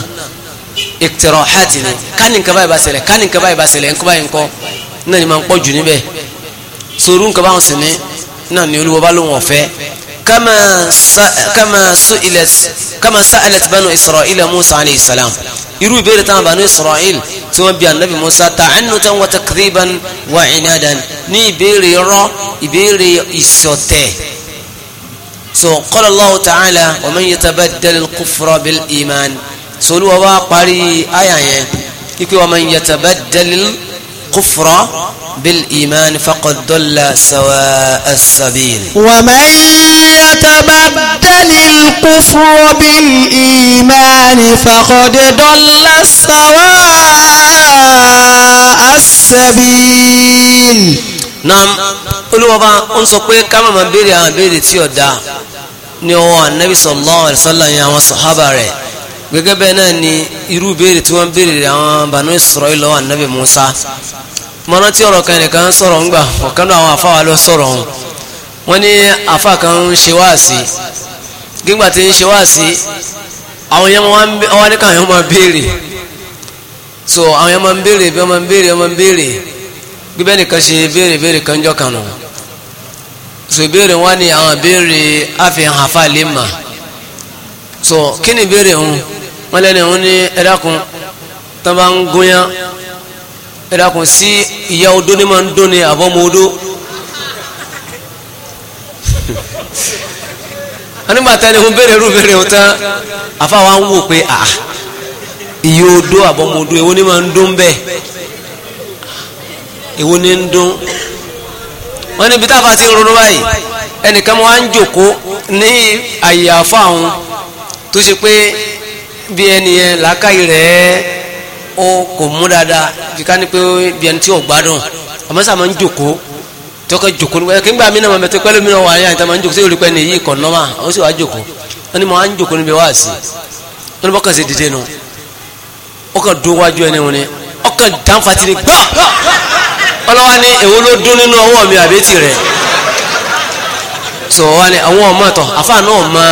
iktirahat ni kánì nǹkan báyìí bá ṣẹlẹ̀ kánì nǹkan báyìí bá ṣẹlẹ̀ nǹkan báyìí nǹkan náà ni máa ń pọ̀ jù níbẹ̀ sòrú nǹkan báwọn náà ni olúwa bá lóun ọ̀fẹ́ kama sa'alat banu isra'ila musa alayhi salam irú ìbéèrè táwọn bànú Israel tí wọ́n bi anabi Musa ta'annutan wa takdhiban wa inadan ní ìbéèrè rọ ìbéèrè ìṣọ̀tẹ̀ so qala Allahu ta'ala wa man yatabaddal al-kufra bil iman so olúwa wa parí àyà yẹn kíkẹ́ wa man yatabaddal. الكفر بالإيمان فقد ضل سواء السبيل ومن يتبدل الكفر بالإيمان فقد ضل سواء السبيل نعم قلوا بقى انسوا كما ما بيري عن بيري تيو دا ni ọwọ́ anabi sallallahu alaihi wasallam yẹn àwọn sọ̀hábà rẹ̀ gẹ́gẹ́ bẹ́ẹ̀ náà ni irú béèrè tí wọ́n béèrè àwọn bànú Isra'il lọ́wọ́ anabi Musa mo rántí ọ̀rọ̀ kan nìkan sọ̀rọ̀ ńgbà ọ̀kan náà àwọn àfáwà lọ sọ̀rọ̀ ọ̀hún wọ́n ní àfá kan ń ṣe wáàsí gbígbà tí ń ṣe wáàsí àwọn yẹn wọ́n ní káwọn yẹn máa béèrè so àwọn yẹn máa ń béèrè bí wọ́n béèrè wọ́n béèrè gbígbẹ́ nìkan ṣe béèrè béèrè kan jọ kan nù so ìbéèrè wọn ni àwọn béèrè àfihàn àfá lè mà so kí ni ìbéèrè òun wọ́n lẹ́nu òun ní ẹ̀dákun tó bá ń gúnyán ẹ dákun sí ìyá odó ní máa ń dún ni àbọ̀mọ odó anígbàtà ni mo béèrè irú béèrè wọn tán afa wa ń wò pé à ìyá odó àbọ̀mọ odó èwo ni máa ń dún bẹ́ẹ̀ èwo ni ń dún wọ́n níbi táfa ti ń ronú báyìí ẹnìkan wọn á ń jòkó ní àyè àfa àwọn tó ṣe pé bí ẹnìyẹn làákàyè rẹ̀ ẹ́ ó kò mú dáadáa bí ká ní pé bí ẹni tí ò gbádùn àmọ́ sàmà ń jòkó tọkọ jòkó ní kí n gbà mí náà mẹ́tọ́ pẹ́lú mi náà wà áyà ìtàmà ń jòkó sí olùpẹ́ ní yìí kàn nọ́mà ó sì wá jòkó wọ́n ní mo á ń jòkó níbi wá sí wọ́n ní bọ́kàn sí dìde nu ọkàn dún wájú ẹni wọn ni ọkàn dánfàtì ni gbá ọlọ́wà ní èwo ló dún nínú ọwọ́ mi àbí ti rẹ̀ sọ wá ní àwọn ọmọ ọ̀tọ̀ àfáà náà mọ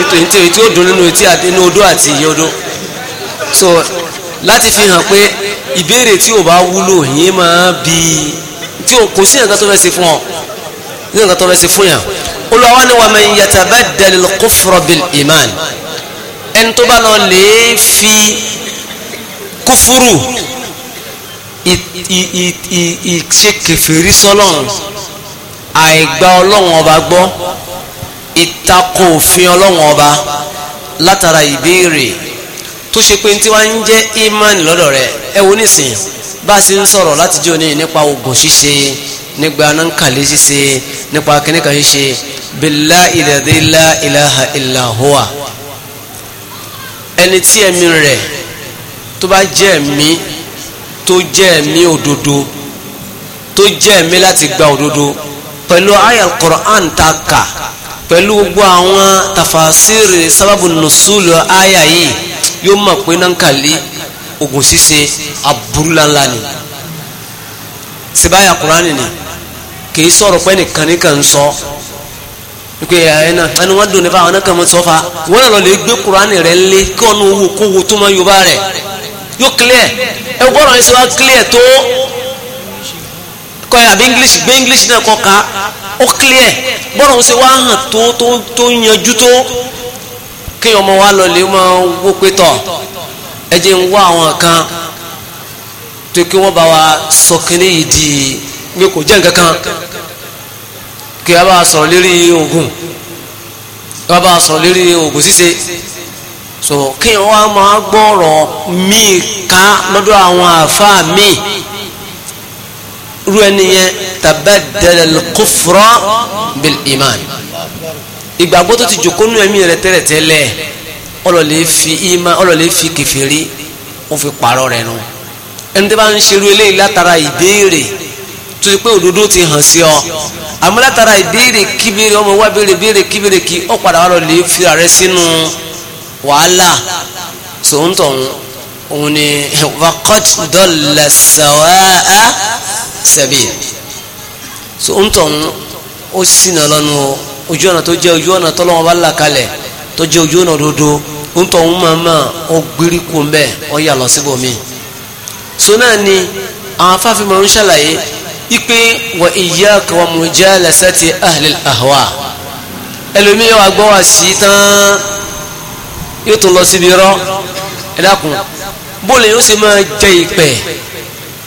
ètò ètò ètò ó dún nínú etí àti inú odó àti ìyẹ́ odó láti fi hàn pé ìbéèrè tí ò bá wúlò yín máa bí tí ò kò sí nǹkan tó fẹ́ ṣe fún ọ ní nǹkan tó fẹ́ ṣe fún yàn olùwàwá ni wàmẹ̀ yatabaddal al-kufra bil-iman ẹni tó bá lọ lè fi kúfúrù ìṣe kèfèrí sọ́lọ́run àìgbà ọlọ́run ọba gbọ́ ìtakò òfin ọlọ́run ọba látara ìbéèrè tó ṣe pé tí wàá ń jẹ́ imani lọ́dọ̀ rẹ̀ ẹ wo nísìnyí bá a ṣe ń sọ̀rọ̀ láti jẹ́ òní nípa oògùn ṣíṣe nígbà nankàlẹ́ ṣíṣe nípa kìnnìkan ṣíṣe billahi alladhi la ilaha ẹni tí ẹ̀mí rẹ̀ tó bá jẹ́ ẹ̀mí tó jẹ́ ẹ̀mí òdodo tó jẹ́ ẹ̀mí láti gba òdodo pẹ̀lú àyà Qur'an ta kà pẹ̀lú gbogbo àwọn tafasiri sábàbù nùsùlù àyà yóò mọ̀ pé nankali ogun ṣíṣe aburúlanla ni sibaya kurani ni kìí sọ̀rọ̀ pé nìkan nìkan ń sọ pé ẹ náà ẹni wọ́n dùn nípa àwọn náà kàn mọ́ sọ́fà wọ́n náà lọ lè gbé kurani rẹ̀ lé kí ọ̀nà owó kó wo tó máa yorùbá rẹ̀ yóò clear ẹ gbọ́dọ̀ ẹ sọ wá clear tó kọ́ àbí english gbé english náà kọ́ ka ó clear gbọ́dọ̀ ń ṣe wá hàn tó tó yanjú tó kí ọmọ wa lọ lè máa wó pé tọ̀ ẹ jẹ́ ń wá àwọn kan tó kí wọ́n bá wa sọ kínní yìí di pé kò jẹ́ nǹkan kan kí a bá sọ̀rọ̀ lérí oògùn kí a bá sọ̀rọ̀ lérí oògùn ṣíṣe so kí wọ́n máa gbọ́rọ̀ míì ká lọ́dọ̀ àwọn àáfàá míì irú ẹni yẹn tabaddala al-kufra bil-iman ìgbàgbọ́ tó ti jòkó nínú ẹ̀mí rẹ̀ tẹ́lẹ̀ tẹ́lẹ̀ ọlọ́lẹ̀ fi ìmá ọlọ́lẹ̀ fi kẹfìrí ó fi pààrọ̀ rẹ̀ nu ẹni tó bá ń ṣerú eléyìí látara ìbéèrè tó ti pé òdodo ti hàn sí ọ àmọ́ látara ìbéèrè kíbèrè ọmọ wa béèrè béèrè kíbèrè kí ó padà wà lọ́lẹ̀ fi rẹ̀ sínú wàhálà sòńtọ̀ òun ni wakọ́t dọ́là sàwáà sẹ́bìn sòńtọ̀ ó sì lọ́nu o ojú ọ̀nà tó jẹ́ ojú ọ̀nà tọ́lọ́wọ́n bá là kalẹ̀ tó jẹ́ ojú ọ̀nà òdodo ń tọ́ ń máa máa ọ gbérí mbẹ́ ọ yà lọ síbò mí. so náà ni àwọn afáfin máa ń ṣàlàyé ipe wa iyyaka wa mujalasati ahlil ahwa ẹlòmíyàn wa gbọ́ wá sí tán yóò tún lọ síbi rọ ẹ dákun bóòlù yóò ṣe máa jẹ ìpẹ́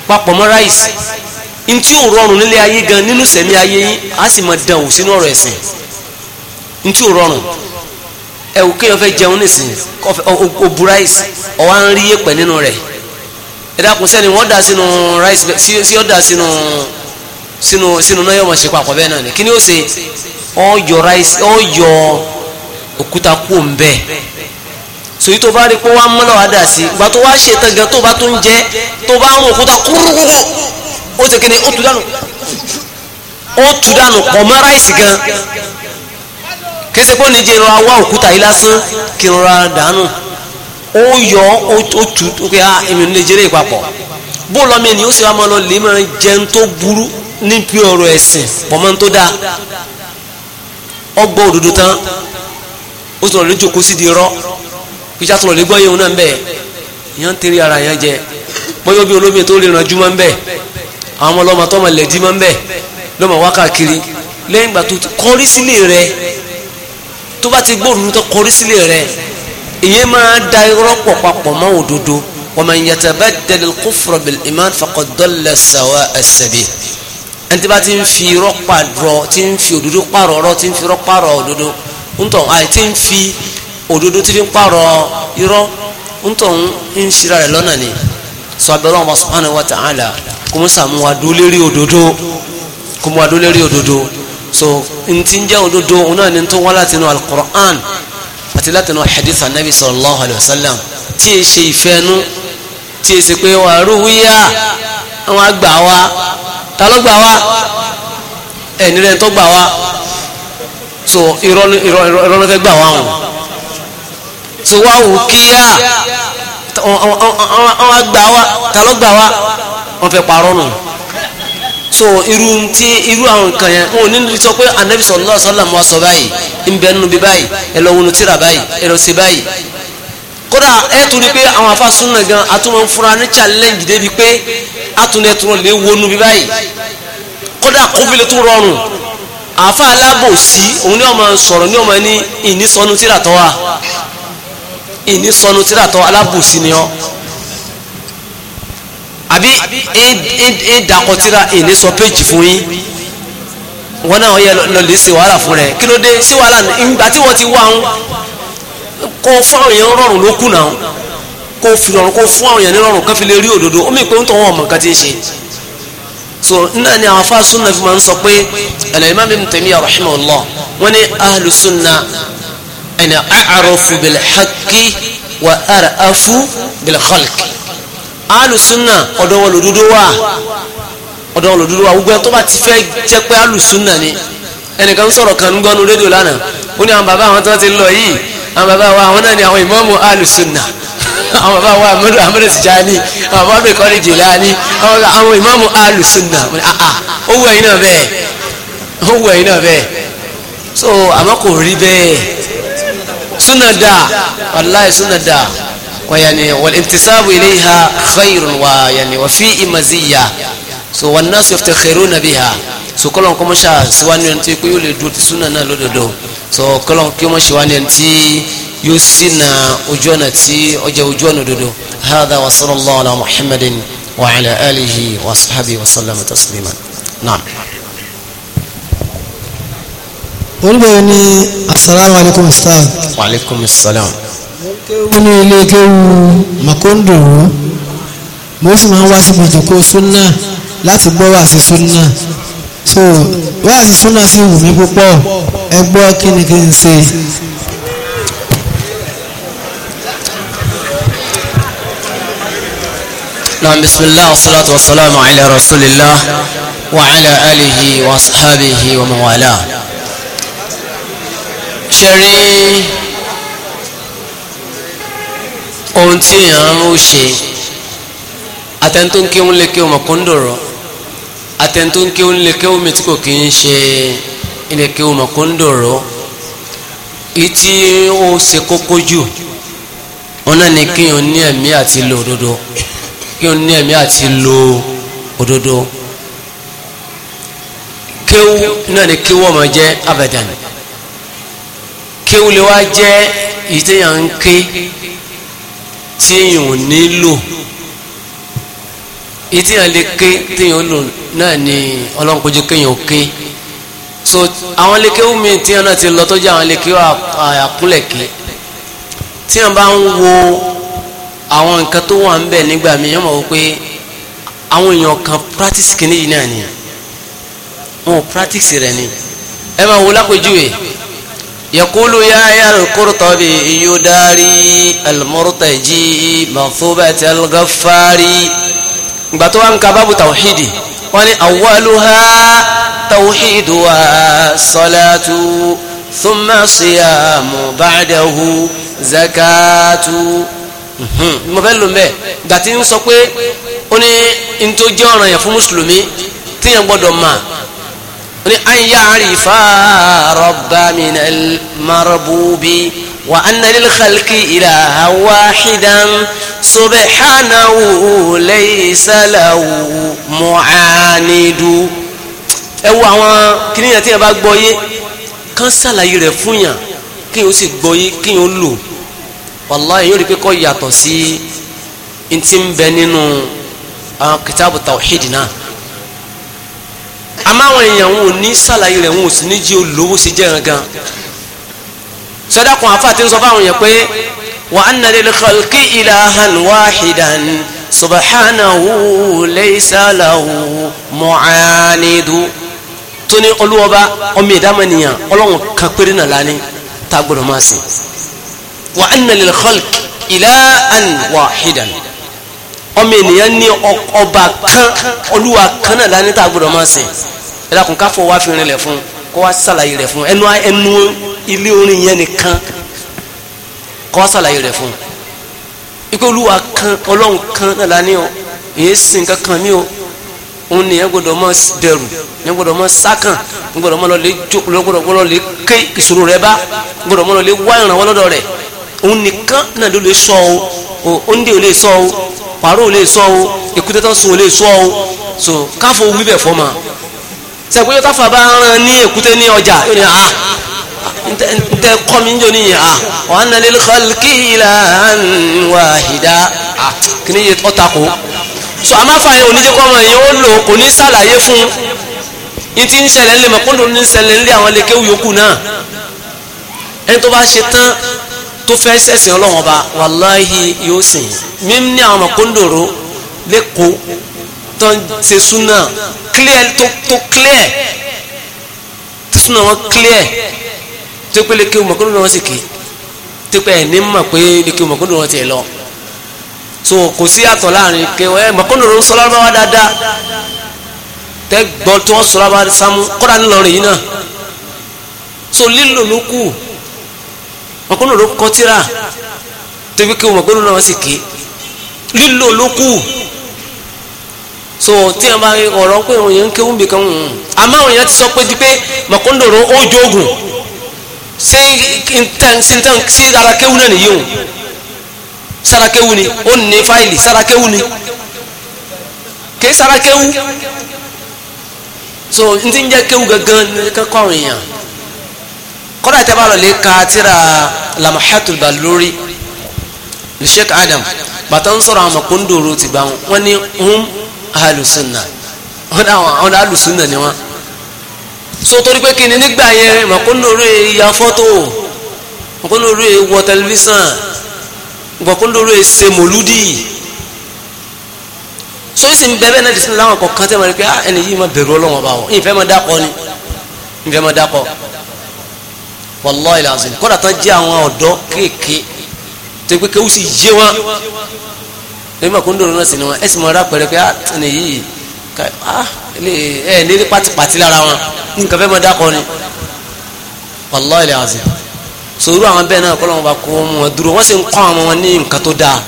papọ̀ mọ́ ráìsì ntí ò rọrùn nílé ayé gan nínú sẹ̀mí ayé yín á sì máa dàn ò sínú ọ̀rọ̀ ẹ̀sìn ntí ò rọrùn ẹ wò kéèyàn fẹ́ jẹun nísìnyí kọfẹ obu rice ọwọ́ ń rí yẹ̀pẹ̀ nínú rẹ̀ ẹ dákun sẹ́ni wọ́n dà sínú rice sí ọ́ dà sínú sínú sínú náà yọ̀ mọ̀ ṣe papọ̀ bẹ́ẹ̀ náà ni kí ni ó ṣe ọ́ yọ rice ọ́ yọ òkúta kú ń bẹ́ẹ̀ sòyí tó bá rí pé wá mọ́lá wá dà sí ìgbà tó wá ṣe tán gan tó bá tó ń jẹ tó bá rún òkúta kúrúkúrú ó ti kí ni ó tu dànù ó tu dànù kọ̀ mọ́ rice gan kìí ṣe pé ní jẹ́ ìrora wá òkúta yìí lásán kí ìrora dànù ó yọ ó tù ó pé ah, èmi ò ní lè jẹ́rẹ́ ìpapọ̀ bó lọ́mọ ènìyàn ó sì wá máa lọ lè máa jẹun tó burú níbi ọ̀rọ̀ ẹ̀sìn pọ̀mọ́ tó dáa ọgbọ́ òdodo tán ó tún lọ lè jókòó sí di rọ́ tún lọ lè gbọ́ yẹun náà ń yẹn ń ara yẹn jẹ bọ́yọ́ bí olómi tó lè ràn júmọ́ ń bẹ̀ àwọn ọmọ tó bá ti gbóòrùn tó kọrí sílé rẹ ìyẹn máa da irọ́pọ̀ papọ̀ mọ́ òdodo wa man yatabaddal al-kufra bil-iman faqad dalla sawa'a as-sabil ẹni tí bá ti ń fi irọ́ pàrọ̀ tí ń fi òdodo pàrọ̀ ọ̀rọ̀ tí ń fi irọ́ pàrọ̀ òdodo ńtọ̀ àì tí ń fi òdodo tí ń pàrọ̀ irọ́ ńtọ̀ ń ṣira rẹ̀ lọ́nà ni sọ abẹ́rẹ́ Allah subhanahu wa ta'ala kò mú sàmúwádó lérí òdodo kò mú wádó lérí òdodo so ntí ń jẹ́ òdodo òun náà ni tó wá láti inú alukur'an àti láti inú hadith anabi sallallahu alayhi wa sallam tí e ṣe ìfẹ́nu tí e ṣe pé wà rúwíyà àwọn àgbà wa ta ló gbà wá ẹ̀ nílẹ̀ tó gbà wá so irọ́ ló fẹ́ gbà wá wọn so wá wò kíyà àwọn àgbà wa ta ló gbà wá wọn fẹ́ parọ́ nù so irú tí irú àwọn nǹkan yẹn wọn ò ní rí sọ pé anabi sallallahu alaihi wasallam wa sọ báyìí nbẹ nínú bí báyìí ẹ lọ wọnú tíra báyìí ẹ lọ ṣe báyìí kódà ẹ tún ní pé àwọn afásúnà gan atúmọ̀ ń fura ní challenge débi pé atúnẹ̀ tún lè wọnú bí báyìí kódà kófìlẹ̀ tún rọrùn àfa alábòsí òun ni ọmọ sọ̀rọ̀ ni ọmọ ní ìnísọnù tíra tọ́ wa ìnísọnù tíra tọ́ alábòsí ni ọ́ àbí ìdàkọ̀tìrà ìní sọ péjì fún yín wọn náà yẹ lọlẹ sí wàhálà fún rẹ kí ló dé sí wàhálà ìgbà tí wọn ti wá ń kó fáwọn èèyàn rọrùn ló kùnà kó fi rọrùn kó fún àwọn èèyàn ní rọrùn kan fi lè rí òdodo ó mì pé ń tọ́ wọn ọmọ nǹkan ti ń ṣe so náà ni àwọn afáà sunna fi máa ń sọ pé al-Imam Ibn Taymiyyah rahimahullah wọn ni ahlu sunna ẹni a'rafu bil haqqi wa ar'afu bil khalqi alùsùnà ọ̀dọ̀ wọn lòdúdó wà ọ̀dọ̀ wọn lòdúdó wà gbogbo ẹni tó bá ti fẹ́ jẹ́ pé alùsùnà ni ẹnìkan sọ̀rọ̀ kan ń gbọ́nu rédíò lánàá ó ní àwọn bàbá àwọn tó ti lọ yìí àwọn bàbá wa àwọn náà ni àwọn ìmáàmù alùsùnà *laughs* àwọn bàbá wa amadu amadu Tijani àwọn bàbá mi kọ́ni Jilani àwọn ìmáàmù alùsùnà ah, ah, ó wù ẹ̀yin náà bẹ́ẹ̀ ó wù ẹ̀yin náà bẹ́ẹ̀ so àmọ́ kò rí bẹ́ẹ̀ súnà ويعني والانتساب إليها خير ويعني وفي مزية so والناس يفتخرون بها so kọlọ́n kọ́ mọ́ ṣáà síwájú ẹni tí yóò lè dúró ti súnà náà lódodo so kọlọ́n kí mọ́ ṣíwájú ẹni tí yóò sì na ojú ọ̀nà tí ọjà ojú ọ̀nà òdodo hadha wa sallallahu ala muhammadin wa ala alihi wa sahabi wa sallam taslima naam. olùbẹ̀rẹ̀ ni asalaamualeykum ustaz. wa aleykum salaam. kéwú ní ilé kéwú màkóńdòrò mo sì máa ń wá sí ìjòkó súnà láti gbọ́ wá sí súnà so wá sí súnà sí wù mí púpọ̀ ẹ gbọ́ kí ni kí n ṣe. نعم بسم الله والصلاة والسلام على رسول الله وعلى آله وأصحابه ومن والاه ṣe rí ohun tí èèyàn ń ṣe atẹ́ntó ń kéwọn lè kéwọn mọ̀kúndòrò atẹ́ntó ń kéwọn lè kéwọn mi tí kò kí ń ṣe ilé kéwọn mọ̀kúndòrò èyí tí ó ṣe kókó jù wọn náà ni kéwọn ní ẹ̀mí àti lo òdodo kéwọn ní ẹ̀mí àti lo òdodo kéwọn náà ni kéwọn ọmọ jẹ abadan kéwọn lè wá jẹ ìtẹ̀yàn ń ké. tí èyàn ò ní lò èyí tí èyàn ké ni ké so àwọn lékè omi téèyàn náà ti lọ tọ́jú àwọn lékè àkúlẹ̀ké téèyàn bá ń wo àwọn nǹkan tó wà ń bẹ̀ nígbà mi yẹn mọ̀ pé àwọn èèyàn kan practice kìíní náà ni wọn ò practice ni ẹ máa wo lápèjúwe. يقول يا يا القرطبي يداري المرتجي منصوبة الغفاري باتوان كباب توحيدي وان أولها توحيدها الصلاة ثم صيام بعده زكاة mo fẹ́ lò mẹ́ gàtí ń sọ pé ó ní ní ọ̀ràn yẹn fún mùsùlùmí tíyẹn gbọ́dọ̀ máa ni an ya'rifa rabba min al-marbubi wa anna lil khalqi ilaha wahidan subhanahu laysa lahu mu'anidu ẹ wo àwọn kìnìyàn tí yẹn bá gbọ́ yé kán sàlàyé rẹ̀ fún yàn kí yẹn sì gbọ́ yé kí yẹn lò wàláyé yóò rí pé kọ́ yàtọ̀ sí ntí ń bẹ nínú àwọn kìtàbù tawhid náà àmọ́ àwọn èèyàn wọn ò ní sàlàyé rẹ̀ wọn ò sì ní jí olówó ṣe jẹ́ gangan sọdọ́kùn àfa ti ń sọ fáwọn èèyàn pé wa anna lil khalqi ilahan wahidan subhanahu laysa lahu mu'anidu tó ní olúwọba ọmọ ìdámẹ́nìyàn ọlọ́run kan péré náà lání tá a gbọ́dọ̀ máa sìn wa anna lil khalqi ilahan wahidan ọmọ ènìyàn ní ọba kan olúwa kan náà lánàá tá a gbọdọ̀ máa sìn ẹ dákun ká fọwọ́ fi rinlẹ̀ fún kó wá sàlàyé rẹ̀ fún ẹnu ẹnu ilé orin yẹn nìkan kó wá sàlàyé rẹ̀ fún ikú olúwa kan ọlọ́run kan náà lánàá o èyí sìn kankan mi o òun ni ẹ gbọdọ̀ máa bẹ̀rù ẹ gbọdọ̀ máa sákàn ẹ gbọdọ̀ máa lọ lè jó ẹ gbọdọ̀ lè ké ìṣòro rẹ bá ẹ gbọdọ̀ máa lọ wá ìrànwọ́ lọ́dọ̀ rẹ̀ òun nìkan náà ló lè sọ o òun dè ó lè sọ o pàrọ̀ ò lè sọ o èkúté tán sùn ò lè sọ o so káfọ wíbẹ̀ fọ́ ma sẹ́kúnjọ́ táfà bá rán ní èkúté ní ọjà yóò ní ah, ah ntẹ kọ́mi ń jò ní yà ah wa anna lil khalqi ilahan wahida ah, yẹ ọ̀tà kó so àmàfà yẹn oníjẹ́ kọ́ ọmọ yẹn ó lò kò ní sàlàyé fún yín tí ń ṣẹlẹ̀ ńlẹ̀ mọ̀ kó ló ní ṣẹlẹ̀ ńlẹ̀ àwọn lẹ́kẹ́wù yòókù náà ẹni tó bá ṣe tán tó fẹ́ sẹ̀sìn ọlọ́run ọba wàláhì yóò sìn mímu ní àwọn ọmọkóńdòrò lẹ́kọ̀ọ́ tó ń ṣe súnà clear tó tó clear súnà wọn clear tó pé lè kí ọmọkóńdòrò wọn sì kì tó pé ẹ̀ ní mọ̀ pé lè kí ọmọkóńdòrò wọn ti lọ so kò sí àtọ̀ láàrin kí ẹ ọmọkóńdòrò ń sọ lọ́wọ́ dáadáa tẹ́ gbọ́ tí wọ́n sọ lọ́wọ́ sámú kọ́ra ńlọrọ̀ yìí náà so lílò ló kù ọkọ náà ló kọ tíra tóbi kí wọn náà sì ké lílo ló kù so tí a bá ọ̀rọ̀ pé òun yẹn ń kéwù bìkan ń hmm. àmọ́ àwọn èèyàn ti sọ pé di pé ó jogun sí ntàn sí arakéwù náà nìyí o sarakéwù ni ó ní fáìlì sarakéwù ni kì í sarakéwù so ntí ń jẹ́ kéwù gangan ní kankan àwọn èèyàn kọ́dà tí a bá lọ lè ka tíra lamahatul balori li Adam bàtà ń sọ̀rọ̀ àwọn mọ̀kúndòrò ti gbà wọn wọn ní hum ahalusunna wọn náà wọn náà ahalusunna ni wọn. so torí pé kí ni nígbà yẹn mọ̀kúndòrò ya fọ́tò mọ̀kúndòrò wọ tẹlifíṣàn mọ̀kúndòrò ṣe mòlúdì so sì ń bẹ́ẹ̀ náà dísìn láwọn kọ̀ọ̀kan tẹ́ wọn rí pé ah, ẹni yìí máa bẹ̀rù ọlọ́wọ́n bá ìfẹ́ máa dákọ ni ìfẹ́ máa dákọ wallahi lazim kódà tán jẹ́ àwọn ọ̀dọ́ kéèké tó pé kéwù sì yé wọn èmi àkóńdò rẹ náà sì ni wọn ẹ sì mọ ara pẹ̀lẹ́ pé ah ẹni yìí ah, ẹ ní rí pátipàti lára wọn nǹkan fẹ́ mọ dákọ ni wallahi lazim sòrò àwọn bẹ́ẹ̀ náà kọ́lọ́wọ́n bá kó wọn dúró wọ́n sì ń kọ́ àwọn wọn ní nǹkan tó dáa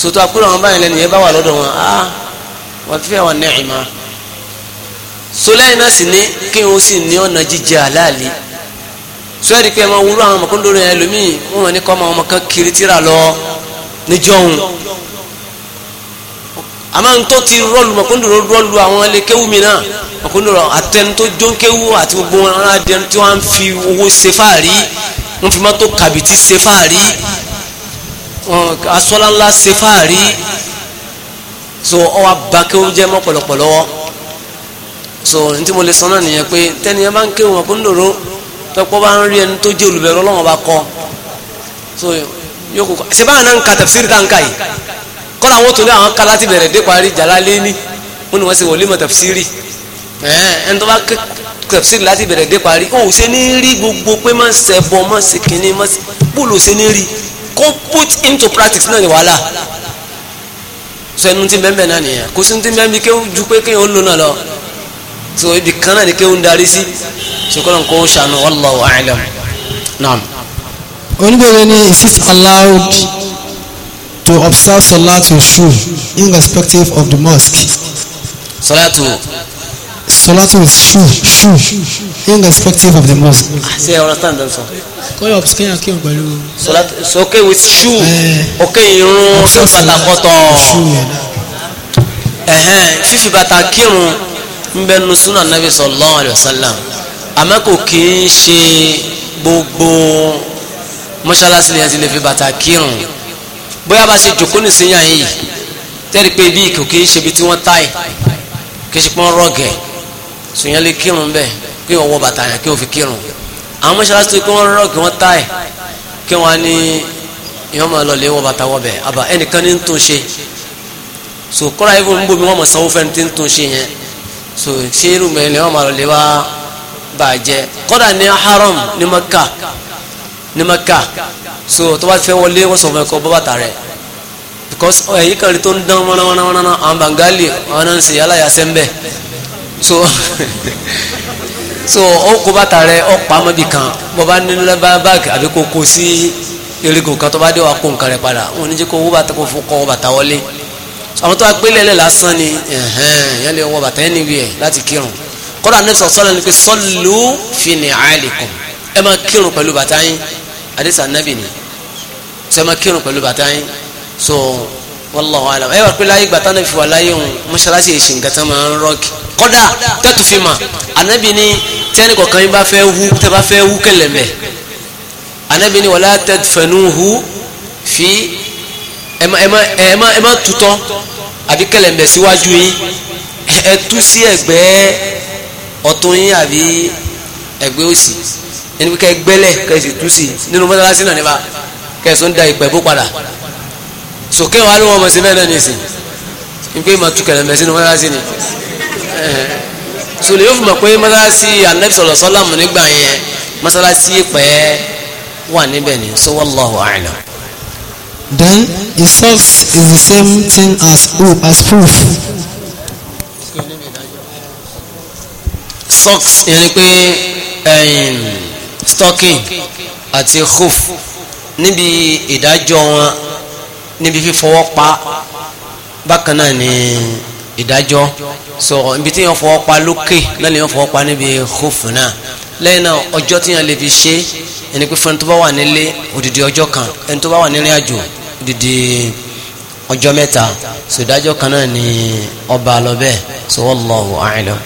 sòtò àkúrò àwọn báyìí lẹ́nu yẹn bá wà lọ́dọ̀ wọn ah wọ́n fi àwọn nẹ́ẹ̀ma sólẹ́yìn náà sì ní kí n ó sì ní ọ̀nà jíjẹ àláàlì sọ́yẹ́dì pé ẹ máa wúlò àwọn ọmọkúndó rẹ̀ lómìn wọ́n wọn ní kọ́ máa ọmọ kan kiri tíra lọ níjọ́hun àmọ́ n tó ti rọ́ọ̀lù ọmọkúndó rọ́ọ̀lù àwọn ilé kéwù mi náà ọmọkúndó rọ àtẹnu tó jó kéwù àti gbogbo wọn ará dẹnu tí wọ́n fi owó ṣe fáàrí wọ́n fi mọ́tò kàbìtì ṣe fáàrí asọ́lá ńlá ṣe fáàrí so ọwọ́ bá kéwù jẹ́ mọ́ pọ̀lọpọ̀ so ntí mo lè sọ náà nìyẹn pé tẹ́niyẹn bá ń kéwù ọmọkúndó rọ́ọ̀ tọ́pọ̀ bá ń rí ẹni tó jẹ́ olùbẹ̀rù Ọlọ́run bá kọ́ so yóò kó ṣe báyìí náà ń ka tafsiri tá ń ka yìí kọ́ra àwọn tó ní àwọn kala ti bẹ̀rẹ̀ dé parí Jalalaini wọn ni wọ́n ṣe wọlé mọ̀ tafsiri ẹni tó bá ké tafsiri láti bẹ̀rẹ̀ dé parí ó ṣe ní rí gbogbo pé má ṣe bọ má ṣe kínní má ṣe bóòlù ṣe ní rí kó put into practice náà ni wàhálà so ẹnu ti bẹ́ẹ̀ bẹ́ẹ̀ náà nìyẹn kò sí ti bẹ́ẹ̀ bí kéwù ju pé kéwù ń lò náà lọ so ibì kan náà ni kéwù ń darí sí sọkọlọ kó sànù wallahu a'lam naam. oníbẹ̀rẹ̀ ni is it allowed to observe salat in shoe irrespective of the mosque. salatu. salat in shoe shoe irrespective of the mosque. ṣe ọ̀rọ̀ tán dán sọ. kọ́lọ̀ kí n kí n pẹ̀lú. salat okay with shoe eh, òkè irun tó sàtàkọ́tọ̀ fífi bàtà kírun ń bẹnu súnà nàbì sallallahu alaihi wasallam àmọ́ kò kí ń ṣe gbogbo mọ́ṣáláṣí ni a ti lè fi bàtà kírun bóyá bá ṣe jòkó nìsíyàn yìí tẹ́rí pé bí kò kí ń ṣe ibi tí wọ́n táì kí ṣe pọ́n rọ̀gẹ̀ sùnyẹn lè kírun bẹ́ẹ̀ kí wọ́n wọ bàtà yẹn kí wọ́n fi kírun àwọn mọ́ṣáláṣí tó wọ́n rọ̀gẹ̀ wọ́n táì kí wọ́n á ní ìyọ́n máa lọ lé wọ bàtà wọ́bẹ̀ àbá ẹnìkan ní ń tún ṣe so kọ́ra ibo ń bomi wọ́n mọ̀ sanwó fẹ́ni tí ń tún ṣe yẹn so ṣé irú mẹ́rin bàjẹ́ kódà ní haram ní maka ní maka so tó bá fẹ́ wọlé wọ́n sọ fún ẹ kó bọ́ bàtà rẹ̀ because ẹ̀yìn kan rí tó ń dán wọ́nàwọ́nàwọ́nà àwọn bangali àwọn náà ń ṣe yálà yasẹ́ ń bẹ̀ so *laughs* so ó kó bàtà rẹ̀ ó pa mọ́bì kan bọ́ bá nínú lẹ́bàá báàgì àbí kó kó sí erigun kan tó bá dé wa kó nǹkan rẹ̀ padà wọn ò ní jẹ́ kó owó bàtà kó fún kọ́ owó bàtà wọlé àwọn tó wá gbélé lẹ́ lásán ni ẹ̀hẹ́n yẹn lè wọ bàtà yẹn níbi ẹ̀ láti kírun kọ́dà nẹ́bí sọ̀sọ́lá ni pé sọ́lù fìní àìlèkùn ẹ máa kírun pẹ̀lú bàtà yín àdìsá nẹ́bì ni sọ máa kírun pẹ̀lú bàtà yín so wallahu alam ẹ wà pé láyé gbàtà náà fi wà láyé òun mọ́ṣáláṣí èsì nǹkan tán máa ń rọ́ọ̀kì kọ́dà tẹ́tù fi mà ànábì ni tẹ́ni kọ̀ọ̀kan yín bá fẹ́ wú tẹ́ bá fẹ́ wú kẹlẹ̀ mẹ́ ànábì ni wala tadfanuhu fi ẹ má ẹ má ẹ ọ̀tún yín àbí ẹ̀gbẹ́ òsì ẹni pé kẹ́ gbẹ́lẹ̀ kẹ́ sì tú sí nínú mọ́sálásí náà nípa kẹ́ sọ ń da ìpẹ́ bó padà sòkè wàá ló wọn sí bẹ́ẹ̀ náà ní ní pé màá tú kẹ̀lẹ́mẹ̀ sínú mọ́sálásí ni sòlè yóò fi mọ̀ pé mọ́sálásí anabi sọ́lámù nígbà yẹn mọ́sálásí pẹ́ wà níbẹ̀ ni so wallahu a'lam. then the source is the same thing as proof as proof. socks yẹn ni pé stocking àti hoof níbi ìdájọ́ wọn níbi fífọwọ́ pa bákan náà ni ìdájọ́ sọ̀rọ̀ ibi tí yẹn fọwọ́ pa lókè náà lè yẹn fọwọ́ pa níbi hoof náà lẹ́yìn náà ọjọ́ tí yẹn lè fi ṣe ẹni pé fún ẹni tó bá wà nílé odidi ọjọ́ kan ẹni tó bá wà nílé àjò odidi ọjọ́ mẹ́ta sọ ìdájọ́ kan náà ni ọba lọ bẹ́ẹ̀ sọ wallahu a'lam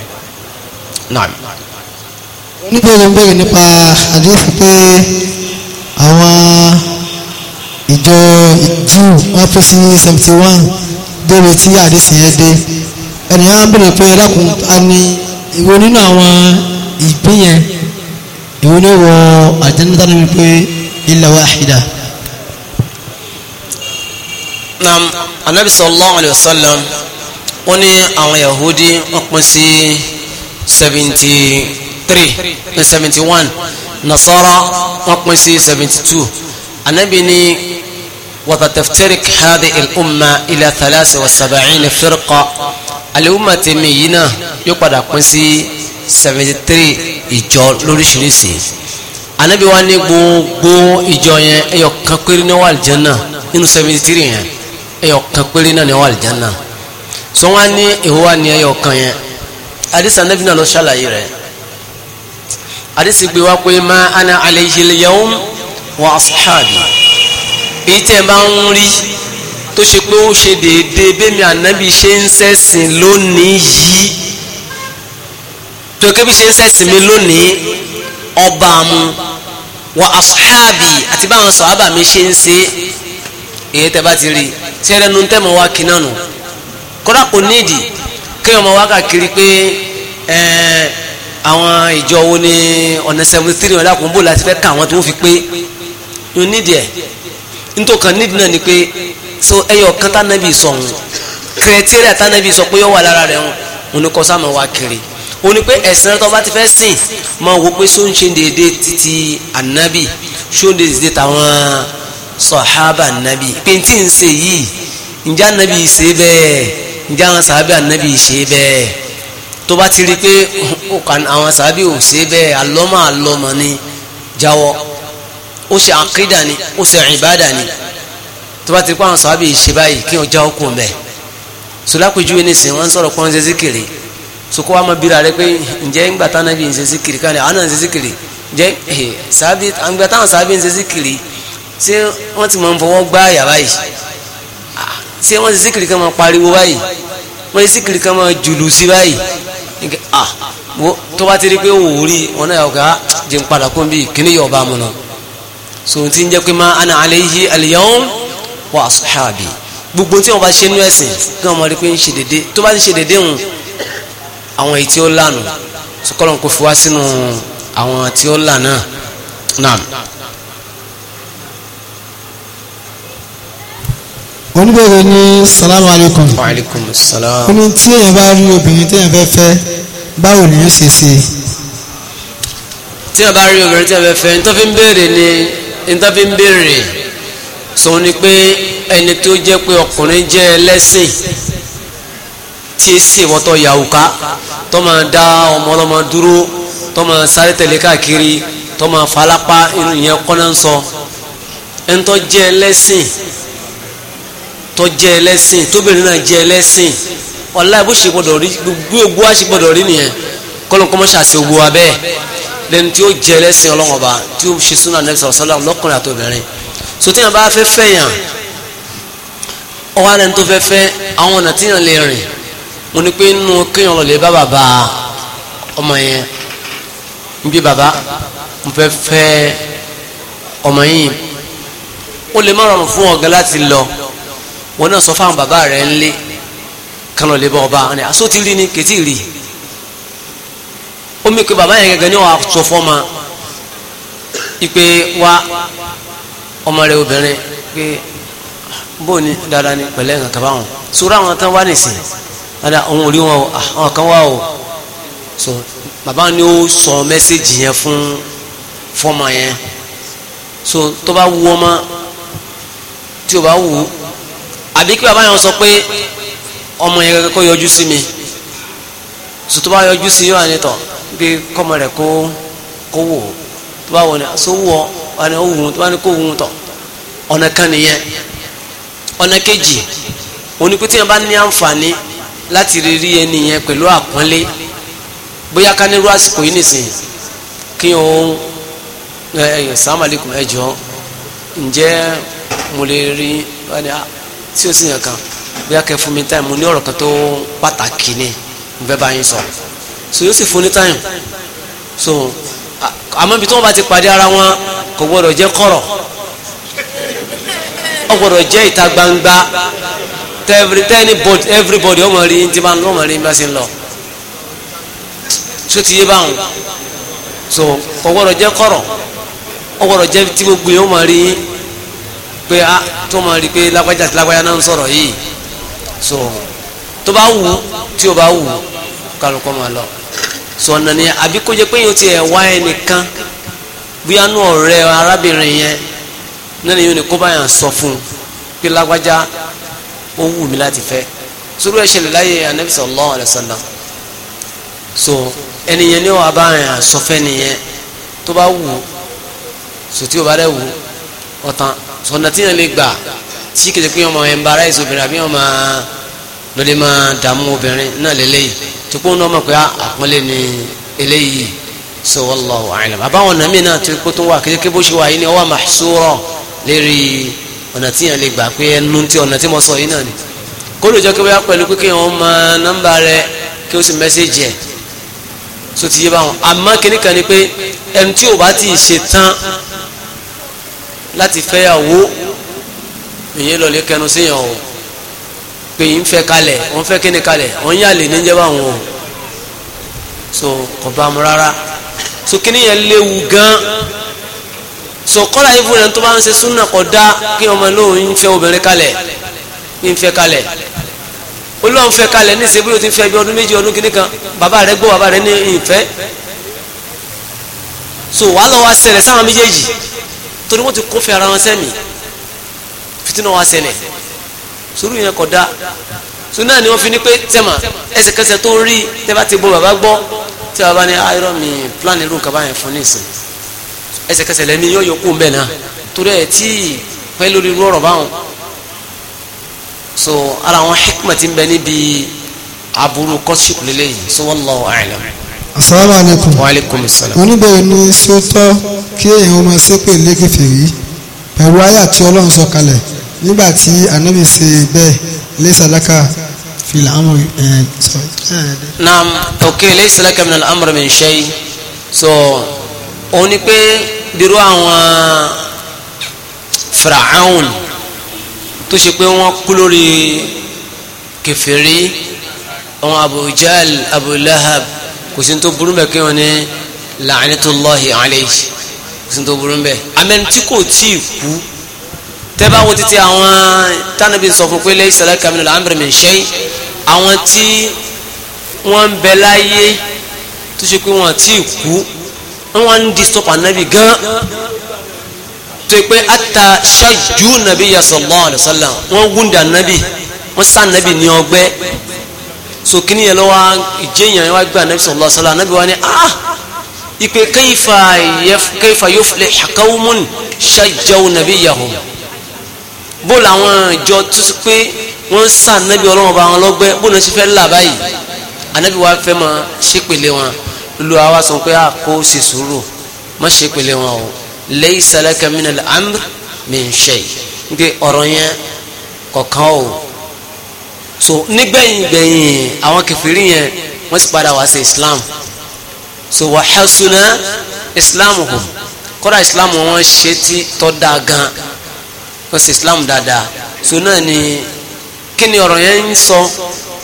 náà. oníbẹ̀rẹ̀ ń bẹ̀rẹ̀ nípa àdéhùn pé àwọn ìjọ Júù wọ́n pín sí seventy one débi tí àdéhùn yẹn dé ẹnìyàn á bẹ̀rẹ̀ pé ẹ̀dákun ta ni ìwọ nínú àwọn ìpín yẹn ìwọ ni wọ àjẹnudá tánà mi pé illa wahida. naam anabi sallallahu alayhi wa sallam wọ́n ní àwọn yahudi wọ́n pín sí seventy three ní seventy one nasara wọn pín sí seventy two anabi ni watataftarik hadi ilumma ila thalasa wa sabacin firqa aliuma tèmi yìí náà yóò padà pín sí seventy three ìjọ lóríṣiríṣi anabi wa ní gbogbo ìjọ yẹn ẹyọ kan péré ní wàlìjánná nínú seventy yẹn ẹyọ kan péré náà ní wàlìjánná sọ wọn ní ìhùwà ní ẹyọ kan yẹn àdìsí anabi náà lọ ṣàlàyé rẹ̀ àdìsí gbé wá pé má ana alayhi al-yawm wa ashabi èyí tẹ́ ẹ bá ń rí tó ṣe pé ó ṣe déédéé bẹ́ẹ̀mi ànábì ṣe ń sẹ́sìn lónìí yìí tó kébí ṣe ń sẹ́sìn mi lónìí ọba mu wa ashabi àti báwọn sọ̀hábà mi ṣe ń ṣe èyí tẹ́ bá ti rí tí ẹ̀rẹ́nu tẹ́ mọ̀ wá kí náà kò nídìí kéèyàn máa wá káàkiri pé ẹ̀ẹ́n àwọn ìjọ wo ni ọ̀nà seventy three ọ̀dà kò ń bò láti fẹ́ ká àwọn tó ń fi pé yóò nídìí ẹ̀ nítòkàn nídìí náà ni pé so ẹyọ kan tánàbì sọ̀hún kìrẹ́tẹ́rẹ́ tánàbì sọ pé yọ wà lára rẹ̀ hàn òun kọ́ sáà máa wá kiri òun ni pé ẹ̀sìn tó bá ti fẹ́ sìn máa wo pé sóun ṣe déédéé títí ànábì sóun déédéé táwọn sọ̀hábà ànábì pé tí ń ṣe yìí ǹjẹ́ ànábì ṣe bẹ́ẹ̀ ǹjẹ́ àwọn sàábì ànábì ṣe bẹ́ẹ̀ tó bá ti rí i pé àwọn sàábì ò ṣe bẹ́ẹ̀ alọ́mọ alọ́mọ ni jáwọ́ ó ṣe àkídà ni ó ṣe ìbádà ni tó bá ti rí i pé àwọn sàábì ṣe báyìí kí wọ́n jáwọ́ kù mẹ́ sùlápẹ̀júwe ní sìn wọ́n ń sọ̀rọ̀ pọ́n ṣe síkìrì sùkọ́ wa mọ bíra rẹ pé ǹjẹ́ ńgbà táwọn ànábì ń ṣe síkìrì káni àwọn náà ṣe síkìrì ǹjẹ́ eh, sàábì àgbà táwọn sàábì ń ṣe síkìrì ṣé wọ́n ti máa ń gbá àyà báyìí ah, ṣé wọ́n ṣe síkìrì kan máa pariwo báyìí wọ́n yẹ síkìrì kan máa jùlù sí báyìí ah wo tó bá ti rí pé wò ó rí wọn náà yàgò ká ah, jẹ ń padà kún bí kíní yọ̀ ọba mu náà so ti ń jẹ́ pé ma ana alayhi al-yawm wa ashabi gbogbo tí wọn bá ṣe nú ẹ̀sìn kí wọn máa rí pé ń ṣe dédé tó bá ń ṣe dédé hùn àwọn èyí tí ó lànà sọkọlọ́n kò fi wá sínú àwọn tí ó lànà náà. oníbẹ̀rẹ̀ ní salamu alaykum. wa alaykum salam. ó ní tí èèyàn bá rí obìnrin téèyàn fẹ́ fẹ́ báwo ni yóò ṣe ṣe. tí èèyàn bá rí obìnrin téèyàn fẹ́ fẹ́ ní tó fi ń béèrè ni ní tó fi ń béèrè sòun ni pé ẹni tó jẹ́ pé ọkùnrin jẹ́ ẹlẹ́sìn tí í ṣe ìwọ́tọ̀ yàwùká tó máa dá ọmọ ọlọ́mọ dúró tó máa sáré tẹ̀lé káàkiri tó máa falápá inú ìyẹn kọ́nà ń sọ ẹni tó jẹ́ ẹlẹ́sìn tó jẹ́ ẹlẹ́sìn tóbìnrin náà jẹ́ ẹlẹ́sìn ọ̀la bó ṣe gbọ́dọ̀ rí gbogbo ògbó wa ṣe gbọ́dọ̀ rí nìyẹn kọ́lọ́n kọ́ mọ́ ṣàṣe ògbó wa bẹ́ẹ̀ lẹ́nu tí ó jẹ́ ẹlẹ́sìn ọlọ́wọ́n ọba tí ó ṣe súnà nẹ́bí sọ̀rọ̀ sọ́lá lọ́kùnrin àti obìnrin so tí yàn bá fẹ́ fẹ́ yàn ọwọ́ rẹ̀ tó fẹ́ fẹ́ àwọn ọ̀nà tí yàn lè rìn mo ní pé nínú kéèyàn lọ lè bá bàbá ọmọ yẹn ń gbé bàbá mo fẹ́ fẹ́ ọmọ yìí ó lè má rọrùn fún ọ̀gá láti lọ wọn náà sọ fáwọn bàbá rẹ̀ ńlé kánà lè bá ọba ni aṣọ ti rí ni kìtì rí ó mi pé bàbá yẹn gẹ́gẹ́ ní wàá sọ fọ́mà ipe wa ọmọ rẹ̀ obìnrin pé bó ni dáadáa ni pẹ̀lẹ́ nǹkan kaba wọn sórí àwọn tán wá nìsín ada òun ò rí wọn o ah, àwọn kan wá o so bàbá ni ó sọ mẹ́sẹ̀gì yẹn fún fọ́mà yẹn so tó bá wú ọmọ tí o bá wù àbí kí bàbá yẹn sọ pé ọmọ yẹn kẹkẹ yọjú sí mi sòtò bá yọjú sí yóò àní tọ bí kọmọ rẹ kó kó wò tó bá wọ ni so wọ àni ó wù tó bá ní kó wù tọ ọ̀nà kan nìyẹn ọ̀nà kejì onípẹ́tì yẹn bá ní àǹfààní láti rí rí ẹni yẹn pẹ̀lú àpọ́nlé bóyá ká àsìkò yìí nìsín kí n ẹ ẹ sàmàlíkùn ẹ jọ ǹjẹ́ mo lè rí ẹni àpọ́nlé tí ó sì yàn kan bí a kẹ fún mi táìmù ní ọ̀rọ̀ kan tó pàtàkì ni mo fẹ́ bá yín sọ so yóò sì fún ní táìmù so àmọ́ ibi tí wọ́n bá ti pàdé ara wọn kò gbọ́dọ̀ jẹ́ kọ̀rọ̀ ó gbọ́dọ̀ jẹ́ ìta gbangba everybody ọmọ rí ti máa ń lọ́ ọmọ rí bá ṣe ń lọ so ti yé báwọn so kò gbọ́dọ̀ jẹ́ kọ̀rọ̀ ó gbọ́dọ̀ jẹ́ tí gbogbo yẹn ọmọ rí yín pé a ah, tó máa rí i pé lágbájá àti lágbájá náà ń sọ̀rọ̀ yìí so tó bá wù ú tí o bá wù ú kálukọ́ máa lọ so ọ̀nà ni àbí kó jẹ́ pé yóò ti ẹ̀ wá ẹnìkan bí anú ọ̀rẹ́ arábìnrin yẹn náà ni yóò ní kó bá yàn sọ fún un pé lágbájá ó wù mí láti fẹ́ sórí ẹ̀ ṣẹlẹ̀ láyé anabi sallallahu alaihi wasallam so ẹnìyẹn ni wàá bá yàn sọ fẹ́ nìyẹn tó bá wù ú sòtí ò bá dẹ̀ wù ú ọ̀tàn sọ̀nà tí yẹn lè gbà tí kìí ṣe pé ọmọ embarrass obìnrin àbí ọmọ lóde máa dààmú obìnrin náà lélẹ́yìí tó kó ní ọmọ pé ah, àpọ́nlé ni eléyìí so wallahu a'lam àbáwọn ọ̀nà míì náà tó kó tó wà kékeré bó ṣe wà yìí ni ọwọ́ mahsura lérí ọ̀nà tí yẹn lè gbà pé ẹnu tí ọ̀nà tí mo sọ yìí náà ni kó lè jọ kí wọ́n pẹ̀lú pé kí wọ́n mọ nọ́mbà rẹ kí ó sì mẹ́sẹ̀jì ẹ̀ so ti yé báwọn àmọ́ kíníkan ni pé ẹni tí ò bá ti ṣe tán láti fẹ́yàwó èyí lọ lè kẹnu síyàn o pé yìí ń fẹ́ kalẹ̀ wọ́n fẹ́ kíni kalẹ̀ wọ́n yà lè níjẹ́ bá wọn o so kò bá mu rárá so kíni yẹn léwu gan so kọ́lá yìí fún ẹni tó bá ń ṣe súnà kọ́ dá kí ọmọ lóun ń fẹ́ obìnrin kalẹ̀ ń fẹ́ kalẹ̀ olóhùn fẹ́ kalẹ̀ ní ìsebúlò tí ń fẹ́ bí ọdún méjì ọdún kìíní kan bàbá rẹ gbọ́ bàbá rẹ ní ìfẹ́ so wàhálà wa ṣẹlẹ̀ sáwọn méjèèjì torí wọ́n ti kófẹ́ ara wọn sẹ́mi fitinà wa ṣẹlẹ̀ sùúrù yẹn kọ̀ da sùúrù ni wọ́n fi ní pé tẹ́mà ẹsẹ̀kẹsẹ̀ tó rí tẹ́bà ti gbọ́ bàbá gbọ́ tí bàbá ní ayọ́rọ́ ah, mi plan irú kaba yẹn fún nísìn ẹsẹ̀kẹsẹ̀ lẹ́ni yóò yọ kó mbẹ́ náà torí ẹ̀ tí pẹ́ lórí irú báwọn so ara àwọn hikmati ń bẹ níbi aburú kọ́síkù lélẹ́yìí so wallahu a'lam asalaamu aleykum. wa aleykum salaam. oníbẹ̀rẹ̀ ni sótọ́ kí èèyàn ọmọ ṣépè lékèfèrí pẹ̀lú àyà tí ọlọ́run sọ kalẹ̀ nígbà tí ànábì ṣe bẹ́ẹ̀ lẹ́sàlákà fìlà àmọ̀ ẹ̀ sọ. naam ok lẹ́sàlákà min al-amr min shay so òun ni pé dirú àwọn fìràhàn tó ṣe pé wọ́n kú lórí kèfèrí àwọn Abu Jahl Abu Lahab kò sí ní tó burú bẹ́ẹ̀ kí wọ́n ní la'natullahi alayhi kò sí ní tó burú bẹ́ẹ̀ amẹ́ni tí kò tí ì kú tẹ́bá wo títí àwọn tánàbí sọ fún pé lẹ́yìn sàlẹ̀ kàmínú làmúrẹ̀ mi ṣe àwọn tí wọ́n ń bẹ láyé tó ṣe pé wọ́n tí ì kú wọ́n ń di sọ́pà nábì gan tó pé ata ṣáájú nàbí yasọ̀ lọ́wọ́ àlùsọ́là wọ́n gúndà nábì wọ́n sá nábì ní ọgbẹ́ so kíní yẹn lọ́wọ́ ìjẹyàn yẹn wá gbé anabi sallallahu alaihi wasallam anabi wa ni ah ipe kaifa kaifa yuflih qawmun shajjaw nabiyahum bó làwọn ìjọ tó ṣe pé wọ́n sá anabi ọlọ́wọ́ bá wọn lọ́gbẹ́ bó ló ṣe là báyìí anabi wa fẹ́ máa ṣépele wọn lu àwa sọ pé a ah, kó ṣe sùúrù má ṣépele wọn o laysa laka minal amr min shay nke ọ̀rọ̀ yẹn kọ̀ọ̀kan o so nígbẹ̀yìn gbẹ̀yìn àwọn kẹfìrí yẹn wọ́n sì padà wá sí islam so wà hasuna islamuhum kọ́dà islam wọn ṣe tí tọ́ da gan wọ́n sì islam dáadáa so náà ni kí ni ọ̀rọ̀ yẹn ń sọ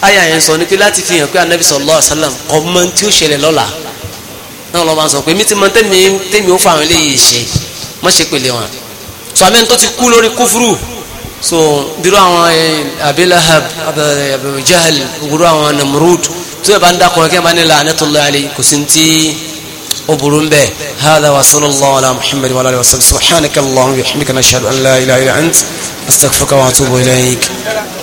àyà yẹn sọ ni pé láti fi hàn pé anabi sallallahu alaihi wasallam kọ́ mọ́ tí ó ṣẹlẹ̀ lọ́la náà lọ́ba sọ pé mi ti mọ tẹ́mi tẹ́mi ó fa àwọn eléyìí ṣe mọ́ ṣe pèlè wọn so àmẹ́ni tó ti kú lórí kúfúrú so bírò àwọn eh, abilahab abujahal gbogbo àwọn namrud tó yẹ bá ń dákọrọ kí ẹ bá ní la'natullahi alayhi kò sí ti ó burú ń bẹ hadha wa sallallahu ala muhammad wa alayhi wa sallam subhanaka allahumma wa bihamdika nashhadu an la ilaha illa ant astaghfiruka wa atubu ilayk.